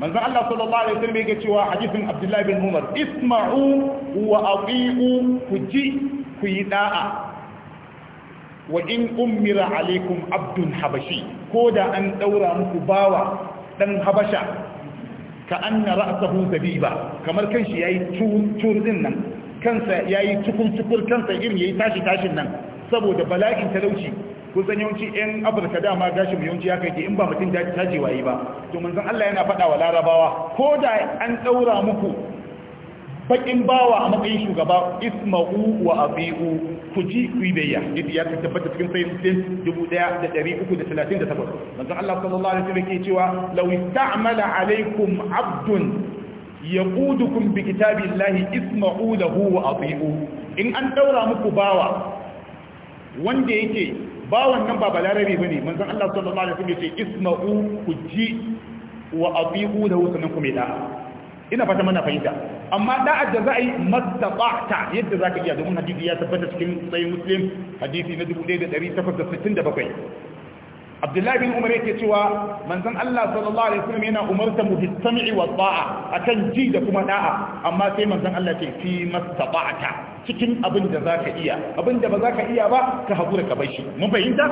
manzo Allah sallallahu alaihi wasallam yake cewa hadisin Abdullah bin Umar isma'u wa ati'u ku ji ku yi da'a wa in ummira alaikum abdun habashi ko da an daura muku bawa dan habasha ka anna ra'sahu zabiba kamar kanshi yayi tur nan kansa yayi tukur tukur kansa irin yayi tashi tashin nan saboda bala'in talauci kusan yawanci yan afirka dama gashi mai yawanci ya kai in ba mutum daji tajewa yi ba Domin manzon Allah yana faɗa wa larabawa ko da an ɗaura muku bakin bawa a matsayin shugaba isma'u wa abi'u ku ji ku biyayya yadda ya tabbata cikin sayin sin 1338 manzon Allah sallallahu alaihi wasallam ke cewa law ista'mala alaikum abdun yaqudukum bi kitabillahi isma'u lahu wa abi'u in an daura muku bawa wanda yake bawan nan ba balarabe bane manzon Allah sallallahu alaihi wasallam ya ce isma'u ku ji wa abi'u lahu sannan ku mai da'a ina fata mana fahimta amma da'ar da za a yi mataba'ta yadda za ka iya domin hadisi ya tabbata cikin tsayin muslim hadisi na 1867 abdullahi bin umar yake cewa manzon Allah sallallahu alaihi wasallam yana umarta mu bisami'i wa a kan ji da kuma da'a amma sai manzan Allah ce fi mastata'ta cikin abin da za ka iya abin da ba za ka iya ba ka haƙura ka bar shi mun fahimta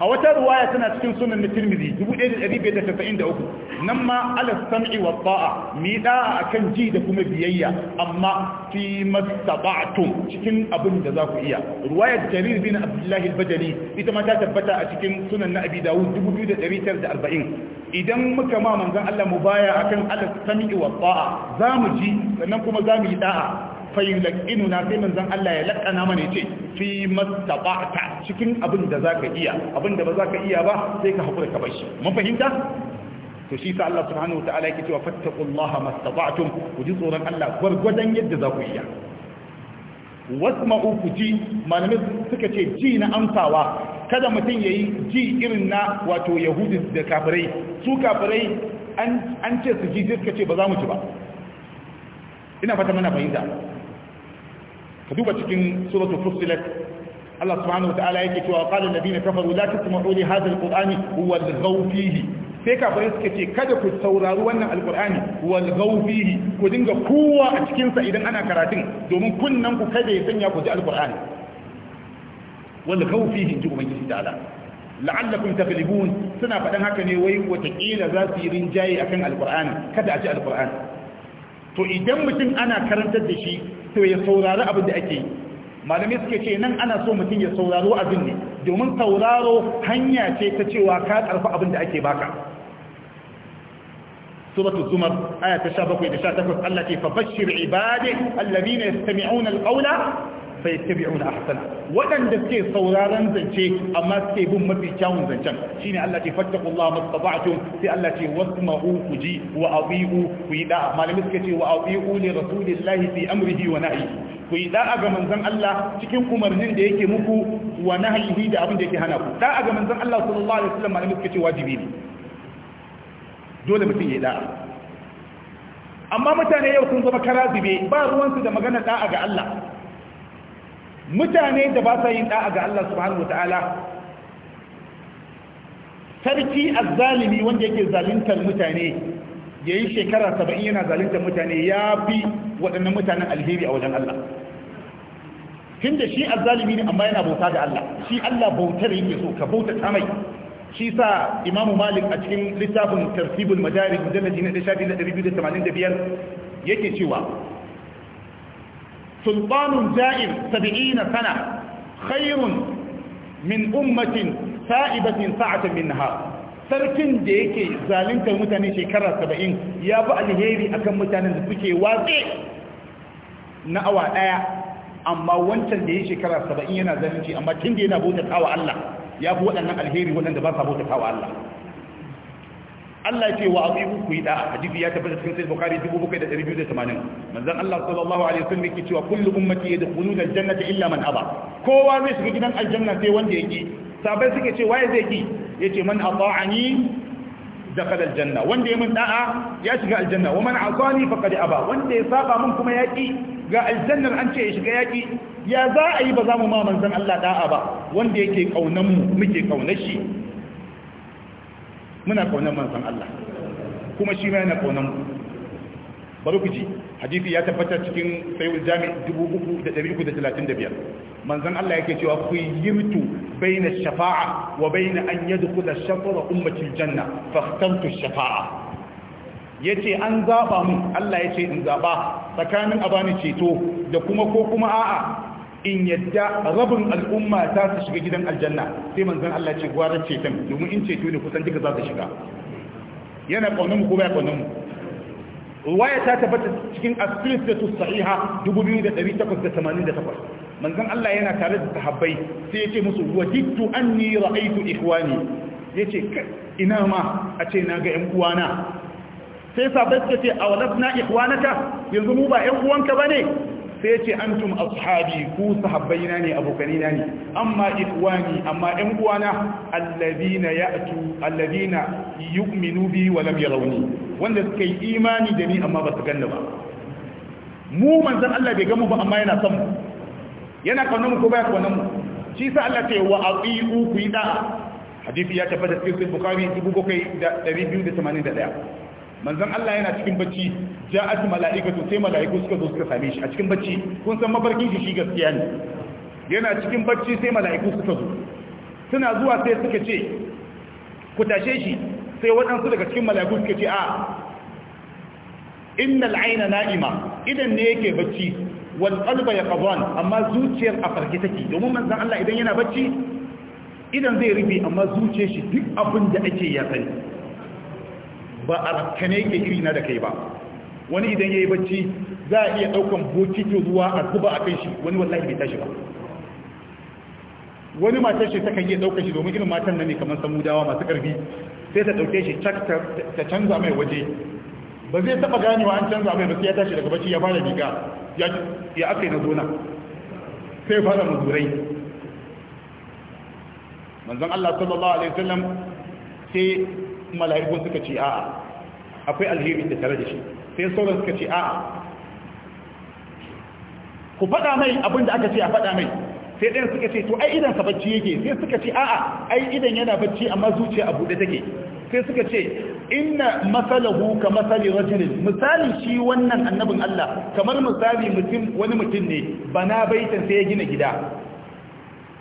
a wata ruwaya tana cikin sunan tirmidhi 1593 nan ma ala sam'i wa ta'a mi da akan ji da kuma biyayya amma fi mastaba'tum cikin abin da za ku iya ruwayar jarir bin abdullahi al-badali ita ma ta tabbata a cikin sunan na abi dawud 2940 idan muka ma manzon Allah mu baya akan ala sam'i wa ta'a zamu ji sannan kuma zamu yi da'a na sai manzon Allah ya lakana mana ce fi mastata'ta cikin abin da ka iya abin da ba ka iya ba sai ka hakura ka bar shi mun fahimta to shi sa Allah subhanahu wataala yake cewa fattaqullaha mastata'tum ku ji tsoron Allah gwargwadon yadda za ku iya wasma'u ku ji malamai suka ce ji na amsawa kada mutum yayi ji irin na wato yahudi da kafirai su kafirai an ce su ji suka ce ba za mu ci ba ina fata mana fahimta ka duba cikin suratul fussilat Allah subhanahu wataala yake cewa qala alladhina kafaru la tasma'u li hadha alqur'ani huwa al fihi sai kafirai suka ce kada ku saurari wannan alqur'ani wal fihi ku dinga kowa a cikin sa idan ana karatun domin kunnan ku kada ya sanya ku ji alqur'ani wal fihi ji ubangiji ta'ala la'allakum taghlibun suna fadan haka ne wai wata kila za su yi rinjaye akan alqur'ani kada a ji alqur'ani to idan mutum ana karantar da shi to ya saurari abin da ake malamai suke ce nan ana so mutum ya sauraro abin ne domin sauraro hanya ce ta cewa ka karfa abin da ake baka suratul zumar aya ta 17 da 18 Allah ke fa bashir ibadi alladhina yastami'una alqawla fa yattabi'una ahsana wadanda suke sauraron zance amma suke bin mafi kyawun zancen shine Allah ce fattaqullaha mastata'tum sai Allah ce wasma'u kuji wa abi'u ku yi da'a malamin suke ce wa abi'u li rasulillahi fi amrihi wa nahyi ku yi da'a ga manzon Allah cikin umarnin da yake muku wa nahyihi da abin da yake hana ku da'a ga manzon Allah sallallahu alaihi wasallam malamin suke ce wajibi ne dole mutum ya yi da'a amma mutane yau sun zama kara zube ba ruwansu da magana da'a ga Allah mutane da ba sa yin da'a ga Allah subhanahu ta'ala) sarki azzalimi wanda yake zaluntar mutane ya yi shekara saba'in yana zaluntar mutane ya fi waɗannan mutanen alheri a wajen Allah tun da shi azzalimi ne amma yana bauta da Allah shi Allah bautar yake so ka bauta ta mai shi sa imamu malik a cikin littafin tartibul madari mujallaji na 1285 yake cewa سلطان جائر سبعين سنة خير min ummatin sa'ibatin sa'atan min sarkin da yake zaluntar mutane shekara saba'in ya bi alheri akan mutanen da suke watse na awa daya amma wancan da ya shekara saba'in yana zalunci amma tun da yana bautatawa Allah ya fi waɗannan alheri waɗanda ba sa bautatawa Allah Allah ya ce wa abu ku yi da hadisi ya tabbata cikin sahih bukhari 7280 manzon Allah sallallahu alaihi wasallam yake cewa kullu ummati yadkhuluna aljannata illa man aba kowa zai shiga gidan aljanna sai wanda yake sabai suke ce waye zai ki yace man ata'ani dakhala aljanna wanda ya min da'a ya shiga aljanna wa man asani faqad aba wanda ya saba mun kuma yaki ga aljannar an ce ya shiga yaki ya za a yi ba za mu ma manzon Allah da'a ba wanda yake kaunan mu muke kaunar shi muna kaunar manzon Allah kuma shi ma yana kaunar mu bari ku ji hadisi ya tabbata cikin sayyid jami 3335 manzon Allah yake cewa ku yimtu baina shafa'a wa baina an yadkhula shatra ummati aljanna fakhtartu shafa'a yace an zaba mu Allah yace in zaba tsakanin abani ceto da kuma ko kuma a'a in yadda rabin al'umma ta su shiga gidan aljanna sai manzon Allah ce gwara ceton domin in ceto ne kusan duka za su shiga yana kaunar mu ko baya kaunar mu ruwaya ta tabbata cikin as-silsilatu sahiha 2888 manzon Allah yana tare da sahabbai sai ya ce musu an wajidtu anni ra'aytu Ya ce ina ma a ce na ga 'yan uwana sai sahabbai suka ce a walas na ikhwanaka yanzu mu ba 'yan uwanka ba ne? sai ce an antum ashabi ku na ne na ne amma ikwani amma ɗan uwana alladina ya'tu alladina yu'minu bi wa lam yarawni wanda suka yi imani da ni amma ba su ganna ba mu manzon Allah bai gamu ba amma yana son mu yana kaunar mu ko baya kaunar mu shi sa Allah ce wa atiu ku yi da hadisi ya tabbata cikin Bukhari 2281 manzon Allah yana cikin bacci ja'at mala'ikatu sai mala'iku suka zo suka same shi a cikin bacci kun san mabarkin shi shi gaskiya ne yana cikin bacci sai mala'iku suka zo suna zuwa sai suka ce ku tashe shi sai waɗansu daga cikin mala'iku suka ce a innal aina na'ima idan ne yake bacci wal qalba yaqban amma zuciyar a farke take domin manzon Allah idan yana bacci idan zai rufe amma zuciyar shi duk abin da ake ya sani ba a rakkane yake iri na da kai ba wani idan ya yi bacci za a iya ɗaukan bokitin ruwa a zuba a kan shi wani wallahi bai tashi ba wani matar shi ta kan iya ɗaukar shi domin irin matan nan ne kamar samudawa masu ƙarfi sai ta ɗauke shi ta canza mai waje ba zai taɓa ganewa an canza mai ba sai ya tashi daga bacci ya fara riga ya aka yi na zona sai fara mazurai manzon Allah sallallahu alaihi wasallam sai mala'ikun suka ce a'a akwai alheri da tare da shi sai sauran suka ce a'a ku faɗa mai abin da aka ce a faɗa mai sai ɗaya suka ce to ai idan ka bacci yake sai suka ce a'a ai idan yana bacci amma zuciya a buɗe take sai suka ce inna masalahu ka masali rajulin misali shi wannan annabin Allah kamar misali mutum wani mutum ne bana baitan sai ya gina gida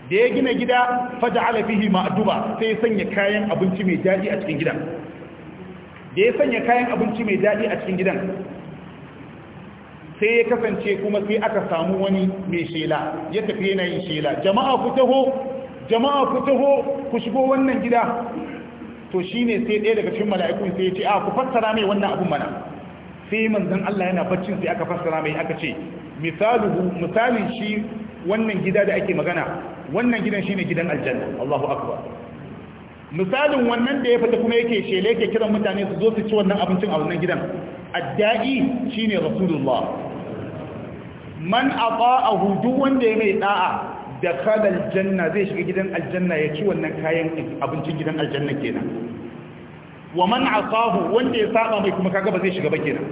da ya gina gida faja'ala fihi ma'duba sai ya sanya kayan abinci mai daɗi a cikin gidan da ya sanya kayan abinci mai daɗi a cikin gidan sai ya kasance kuma sai aka samu wani mai shela ya tafi yana yin shela jama'a ku taho jama'a ku taho ku shigo wannan gida to shine sai ɗaya daga cikin mala'iku sai ya ce a ku fassara mai wannan abun mana sai manzon Allah yana baccin sai aka fassara mai aka ce misaluhu misalin shi wannan gida da ake magana wannan gidan shine gidan aljanna Allahu akbar misalin wannan da ya fita kuma yake shele yake kiran mutane su zo su ci wannan abincin a wannan gidan addai shine rasulullah man ata'ahu duk wanda ya mai da'a da kalal janna zai shiga gidan aljanna ya ci wannan kayan abincin gidan aljanna kenan wa man asahu wanda ya saba mai kuma kaga ba zai shiga ba kenan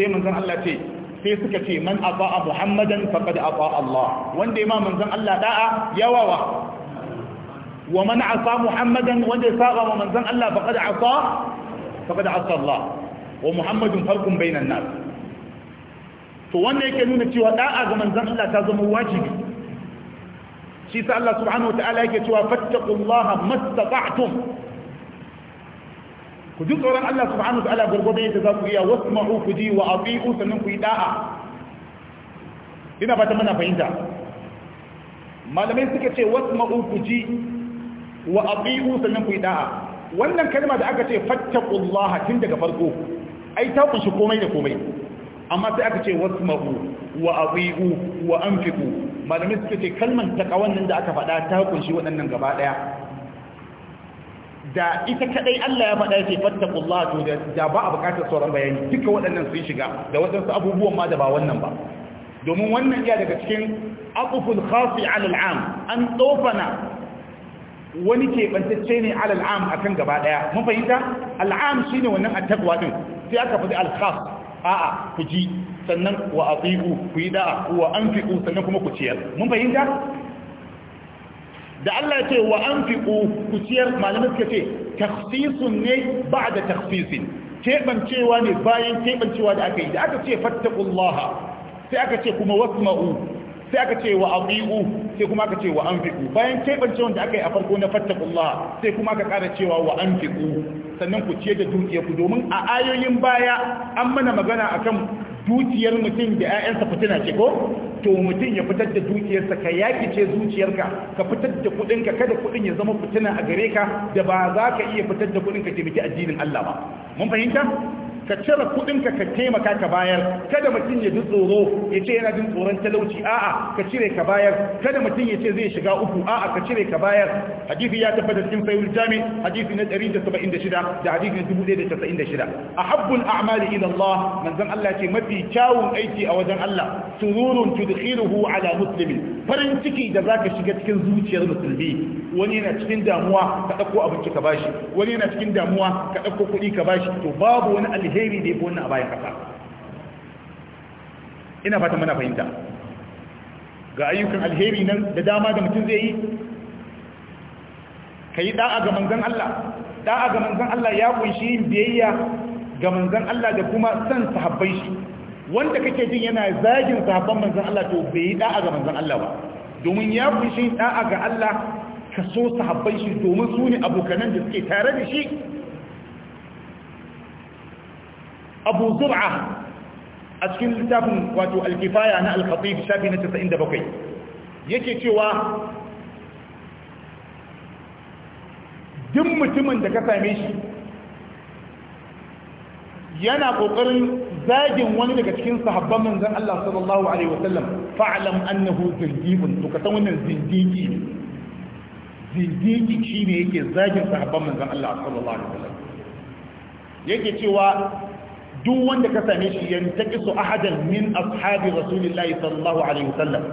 sai manzon Allah ce sai suka ce man ata'a muhammadan faqad ata'a Allah wanda ya ma manzon Allah da'a yawawa wa man asa muhammadan wanda ya saba wa manzon Allah faqad asa faqad asa Allah wa muhammadun farqun bainan nas to wanda yake nuna cewa da'a ga manzon Allah ta zama wajibi shi sa Allah subhanahu wa ta'ala yake cewa fattaqullaha mastata'tum ku ji tsoron Allah subhanahu wa ta'ala gurgurdan yadda za ku iya wasma'u ku ji wa ati'u sannan ku yi da'a ina fata muna fahimta malamai suka ce wasma'u ku ji wa ati'u sannan ku yi da'a wannan kalma da aka ce fattaqullaha tun daga farko ai ta kunshi komai da komai amma sai aka ce wasu wasma'u wa ati'u wa anfiqu malamai suka ce kalman takawannin da aka faɗa ta kunshi waɗannan gaba ɗaya da ita kadai Allah ya faɗa ce fattakullah to da ba a bukatar sauran bayani duka waɗannan sun shiga da waɗansu abubuwan ma da ba wannan ba domin wannan ya daga cikin aqful khasi ala al'am an tsofana wani keɓantacce ne ala al'am akan gaba daya mun fahimta al'am shine wannan attaqwa din sai aka faɗi al-khas a'a ku ji sannan wa atiqu ku yi da'a wa anfiqu sannan kuma ku ciyar mun fahimta da Allah ya ce wa an ku kuciyar malamin suka ce takhsisun ne da takhsisin Keɓancewa ne bayan keɓancewa da aka yi da aka ce fattaqullaha sai aka ce kuma wasu ma'u, sai aka ce wa aqiu sai kuma aka ce wa anfiqu bayan kebancewa da aka yi a farko na fattaqullaha sai kuma aka ƙara cewa wa anfiqu sannan ku ciye da dukiyarku domin a ayoyin baya an mana magana akan dukiyar mutum da 'ya'yansa fitina ce ko to mutum ya fitar da dukiyarsa ka yaki ce zuciyarka ka fitar da kudinka kada kudin ya zama fitina a gare ka da ba za ka iya fitar da kudinka taimaki addinin Allah ba mun fahimta ka cire kudin ka ka taimaka ka bayar kada mutum ya ji tsoro ya ce yana jin tsoron talauci a'a ka cire ka bayar kada mutum ya ce zai shiga uku a'a ka cire ka bayar hadisi ya tabbata cikin sahih jami hadisi na 176 da hadisi na 1096 ahabbul a'mali ila Allah manzon Allah ce mafi kyawun aiki a wajen Allah sururun tudkhiluhu ala muslimin farin ciki da zaka shiga cikin zuciyar musulmi wani yana cikin damuwa ka dauko abinci ka bashi wani yana cikin damuwa ka dauko kuɗi ka bashi to babu wani alheri alheri da ya fi wannan a bayan kasa ina fata mana fahimta ga ayyukan alheri nan da dama da mutum zai yi ka yi da'a ga manzan Allah da'a ga manzan Allah ya kunshi yin biyayya ga manzan Allah da kuma son sahabbai shi wanda kake jin yana zagin sahabban manzan Allah to bai yi da'a ga manzan Allah ba domin ya kunshi da'a ga Allah ka so sahabbai shi domin su ne abokanan da suke tare da shi abu zur'a a cikin littafin wato alkifaya na alkhatib shafi na 97 yake cewa duk mutumin da ka same shi yana kokarin zagin wani daga cikin sahabban manzon Allah sallallahu alaihi wasallam fa'lam annahu zindibun to ka san wannan zindiki ne zindiki shine yake zagin sahabban manzon Allah sallallahu alaihi wasallam yake cewa duk wanda ka same shi yan taqisu ahadan min ashabi rasulillahi sallallahu alaihi wasallam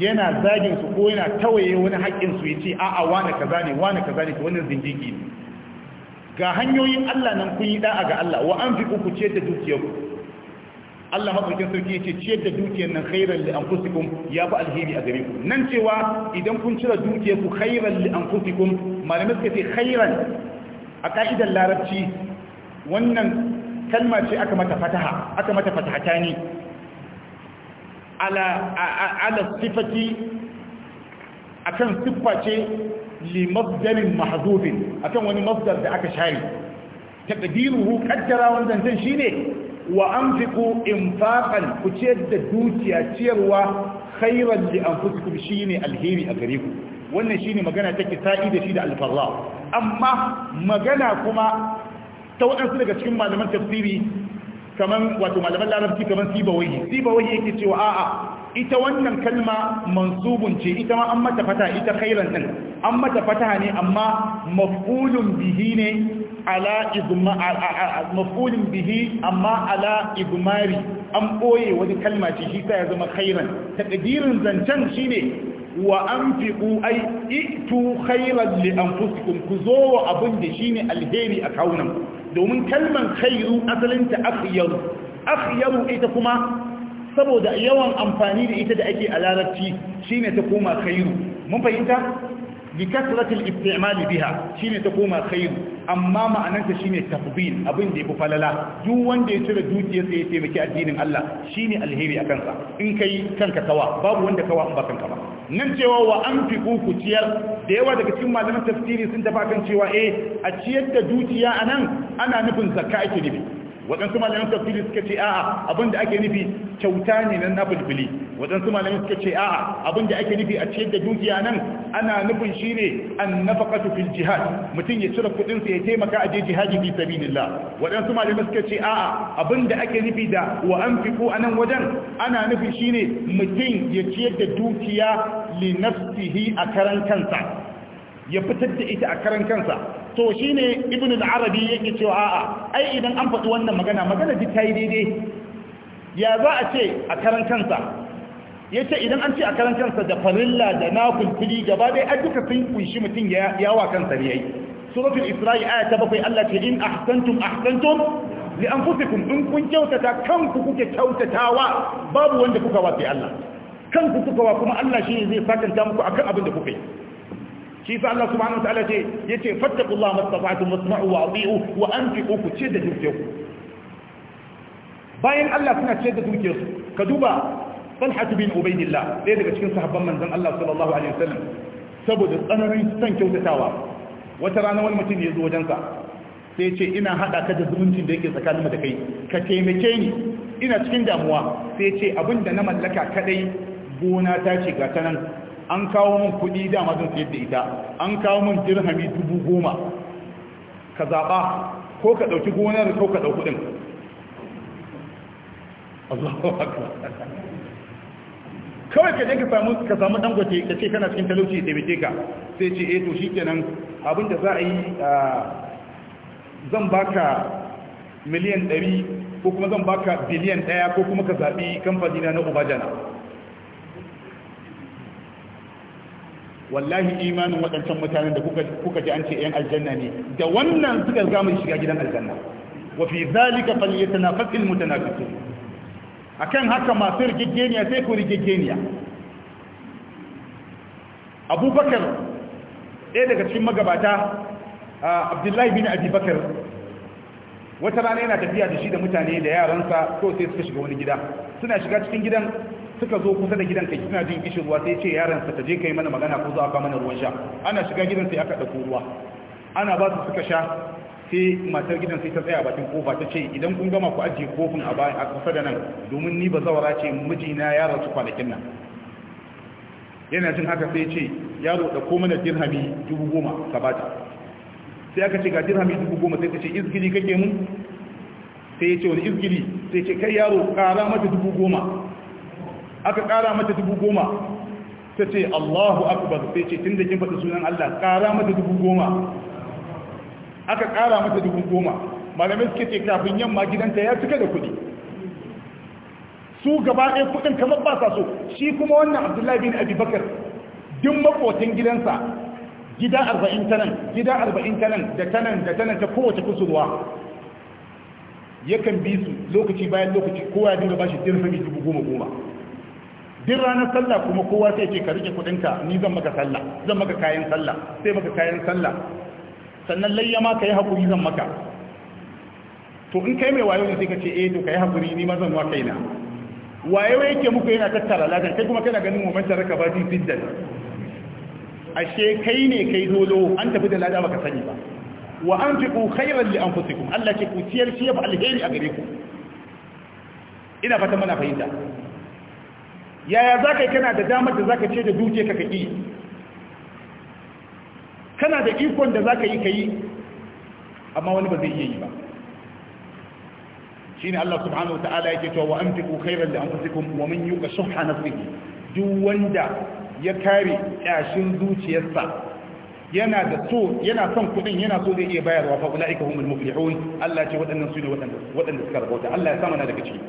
yana zagin su ko yana tawaye wani haƙƙin su yace a a wani kaza ne wani kaza ne wannan zindigi ne ga hanyoyin Allah nan kun yi da'a ga Allah wa fi ku ce da dukiyar ku Allah mafarkin sarki ya ce ciyar da dukiyar nan khairan li anfusikum ya fi alheri a gare ku nan cewa idan kun cire dukiyar ku khairan li anfusikum malamai suka ce khairan a ka'idar larabci wannan kalma ce aka mata fataha aka mata fatahatani ala ala sifati akan siffa ce li mafdalin akan wani mafdal da aka share taqdiruhu qaddara wannan zan shine wa anfiqu infaqan ku ciyar da dukiya ciyarwa khairan li anfusikum shine alheri a gare ku wannan shine magana take sa'i da shi da alfarra amma magana kuma ta waɗansu daga cikin malaman tafsiri kaman wato malaman larabci kaman sibawahi sibawahi yake cewa a'a ita wannan kalma mansubun ce ita ma an mata fata ita khairan din an mata fata ne amma maf'ulun bihi ne ala idma maf'ulun bihi amma ala an boye wani kalma ce shi ta ya zama khairan takdirin zancen shine wa anfiqu ay itu khairan li anfusikum ku wa abin da shine alheri a kawunan domin kalman khairu asalinta akhyaru akhyaru ita kuma saboda yawan amfani da ita da ake a larabci shine ta koma khairu mun fahimta bikasratil istimali biha shine ta koma khair amma ma'anar shine tafbil abin da yake falala duk wanda ya cire dukiyarsa ya taimaki addinin Allah shine alheri a kansa in kai kanka tawa babu wanda kawa ba kanka ba nan cewa wa anfiqu kutiyar da yawa daga cikin malaman tafsiri sun tafa kan cewa eh a ciyar da dukiya anan ana nufin zakka ake nufi waɗansu malamin tafsiri suka ce a'a abinda ake nufi kyauta ne na nafilfili waɗansu malamin suka ce a'a abinda ake nufi a ciyar da dukiya nan ana nufin shine an nafaqatu fil jihad mutum ya cire kuɗin sa ya taimaka a je jihadi fi sabilillah waɗansu malamin suka ce a'a abinda ake nufi da wa anfiqu anan wajen ana nufi shine mutum ya ciyar da dukiya li nafsihi a karan kansa ya fitar da ita a karan kansa to shine ibn al-arabi yake cewa a'a ai idan an faɗi wannan magana magana ji tayi daidai ya za a ce a karan kansa yace idan an ce a karan kansa da farilla da fili gaba dai a duka sun kunshi mutum ya yawa kansa ne yayi suratul isra'i aya ta bakwai Allah ce in ahsantum ahsantum li anfusikum in kun kyautata kanku kuke kyautatawa babu wanda kuka wafi sai Allah kanku kuka wa kuma Allah shine zai fatanta muku akan abin da kuka yi shi sa Allah subhanahu wataala ce yace fattaqullaha mastata'tum wasma'u wa ati'u wa anfiqu ku ce da dukiyarku bayan Allah suna ce da dukiyarsu ka duba Talha bin Ubaydillah ɗaya daga cikin sahabban manzon Allah sallallahu alaihi wasallam saboda tsananin san kyautatawa wata rana wani mutum ya zo wajensa sai ce ina haɗa ka da zumuncin da yake tsakanin da kai ka taimake ni ina cikin damuwa sai ce abin da na mallaka kadai gona ta ce ga ta nan an kawo min kuɗi dama zan sayar da ita an kawo min dirhami dubu goma ka zaɓa ko ka ɗauki gonar ko ka ɗauki ɗin kawai ka je ka samu ka samu dangote ka ce kana cikin talauci da taimake ka sai ce eh to shikenan abin da za a yi zan baka miliyan 100 ko kuma zan baka biliyan 1 ko kuma ka zabi kamfani na ubajana wallahi imanin waɗancan mutanen da kuka ji an ce ‘yan aljanna ne da wannan suka gamun shiga gidan aljanna wafi zalika falyata na fasil mutanafiki a kan haka masu rigaggeniya sai ku rigeniya abubakar ɗaya daga cikin magabata abdullahi bin abubakar wata rana yana tafiya da shi da mutane da yaransa ko sai suka shiga wani gida suna shiga cikin gidan suka zo kusa da gidan kai suna jin kishin ruwa sai ce yaran sa taje kai mana magana ko zo aka mana ruwan sha ana shiga gidan sai aka dauko ruwa ana ba su suka sha sai matar gidan sai ta tsaya bakin kofa ta ce idan kun gama ku ajiye kofin a bayan a kusa da nan domin ni ba zawara ce mijina ya rasu kwanakin nan yana jin haka sai ce yaro da ko mana dirhami dubu goma ka bata sai aka ce ga dirhami dubu goma sai ta ce izgili kake mun sai ya ce wani izgili sai ce kai yaro kara mata dubu goma aka ƙara mata dubu goma ta ce allahu akbar sai ce tun da kin faɗi sunan allah ƙara mata dubu goma aka ƙara mata dubu goma malamai suke ce kafin yamma gidanta ya cika da kuɗi su gaba ɗaya kuɗin kamar ba sa so shi kuma wannan abdullahi bin abubakar duk makotan gidansa gida arba'in ta nan, gida arba'in ta nan, da ta nan, da ta nan, ta kowace kusurwa yakan bi su lokaci bayan lokaci kowa ya dinga ba shi dirhami dubu goma goma Din ranar sallah kuma kowa sai ce ka rike kudinka ni zan maka sallah zan maka kayan sallah sai maka kayan sallah sannan layya ma ka yi haƙuri zan maka to in kai mai wayo ne sai ka ce eh to ka yi haƙuri ni ma zan wa kaina wayo yake muku yana tattara ladan kai kuma kana ganin momentar raka ba din fiddan ashe kai ne kai zolo an tafi da lada baka sani ba wa an fi ku li anfusikum Allah ke ku ciyar shi ba alheri a gare ku ina fata mana fahimta yaya za ka yi kana da damar da za ka ce da duke ka kaƙi kana da ikon da za ka yi ka yi amma wani ba zai iya yi ba shi ne Allah subhanahu wa ta'ala yake cewa wa amtiku khairan da an anfusikum wa man yuqa shuhha nafsihi duk wanda ya kare kyashin zuciyarsa yana da so yana son kudin yana so zai iya bayarwa fa ulaika humul muflihun Allah ce waɗannan su ne waɗanda suka rabauta Allah ya sa mana daga ciki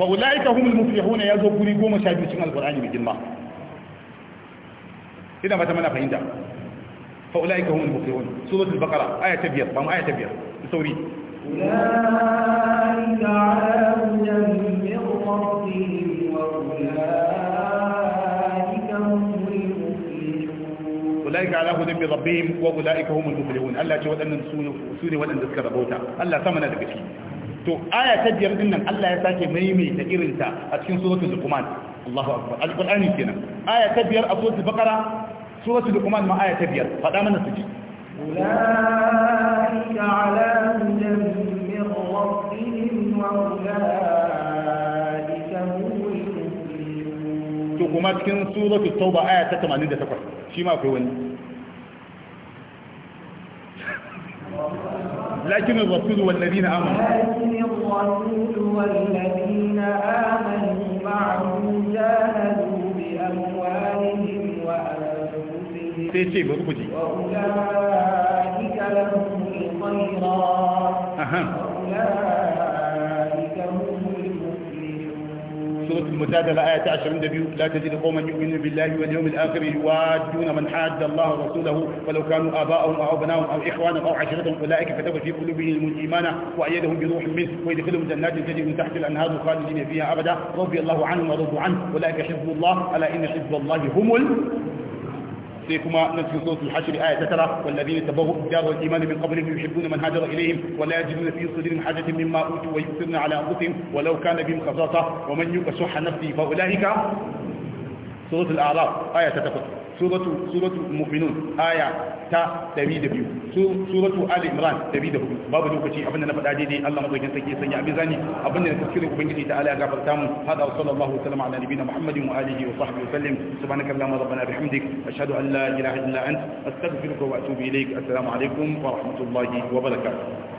فاولئك هم المفلحون يا زوبو ني غوما شادو سين القران بجما اذا ما تمنى فهمت فاولئك هم المفلحون سوره البقره ايه تبير ما ايه تبير سوري اولئك على هدى من واولئك هم المفلحون اولئك على هدى من ربهم واولئك هم المفلحون الا تشوف ان سوري ولا ان تذكر بوتا الا ثمن ذلك فيه to aya ta biyar din nan Allah ya sake maimaita irin irinta a cikin suratul luqman Allahu akbar alqur'ani kenan aya ta biyar a suratul baqara suratul luqman ma aya ta biyar fada mana su ji ulaika ala hudan min rabbihim wa ulaika humul muflihun to kuma cikin suratul tauba aya ta 88 shi ma akwai wani لكن الرسول والذين آمنوا لكن الرسول والذين آمنوا معه جاهدوا بأموالهم وأنفسهم سيتي بركجي وأولئك لهم الخيرات وأولئك سورة المجادلة آية 10 22 لا تجد قوما يؤمنون بالله واليوم الآخر يوادون من حاد الله ورسوله ولو كانوا آباءهم أو ابناءهم أو إخوانهم أو عشيرتهم أولئك كتب في قلوبهم الإيمان وأيدهم بروح منه ويدخلهم جنات تجري من تحت الأنهار خالدين فيها أبدا رضي الله عنهم ورضوا عنه أولئك حزب الله ألا إن حزب الله هم sai kuma na cikin suratul hashr aya ta tara wallazina tabahu dar wal iman min qablihim yuhibbuna man hajara ilayhim wa la yajiduna fi sudurihim hajatan mimma utu wa yusirna ala anfusihim walau kana bihim khasasa wa man yuqa shuhha nafsihi fa ulaika suratul a'raf aya ta 8 suratu suratu mu'minun aya ta 102 suratu ali imran 104 babu lokaci abinda na faɗa daidai Allah madaukakin sarki sanya a zani abinda na tafsirin ubangiji ta ala gafarta mu hada sallallahu alaihi ala nabiyina muhammadin wa alihi wa sahbihi wa sallam subhanaka allahumma rabbana bihamdik ashhadu an la ilaha illa ant astaghfiruka wa atubu ilaik assalamu alaikum wa rahmatullahi wa barakatuh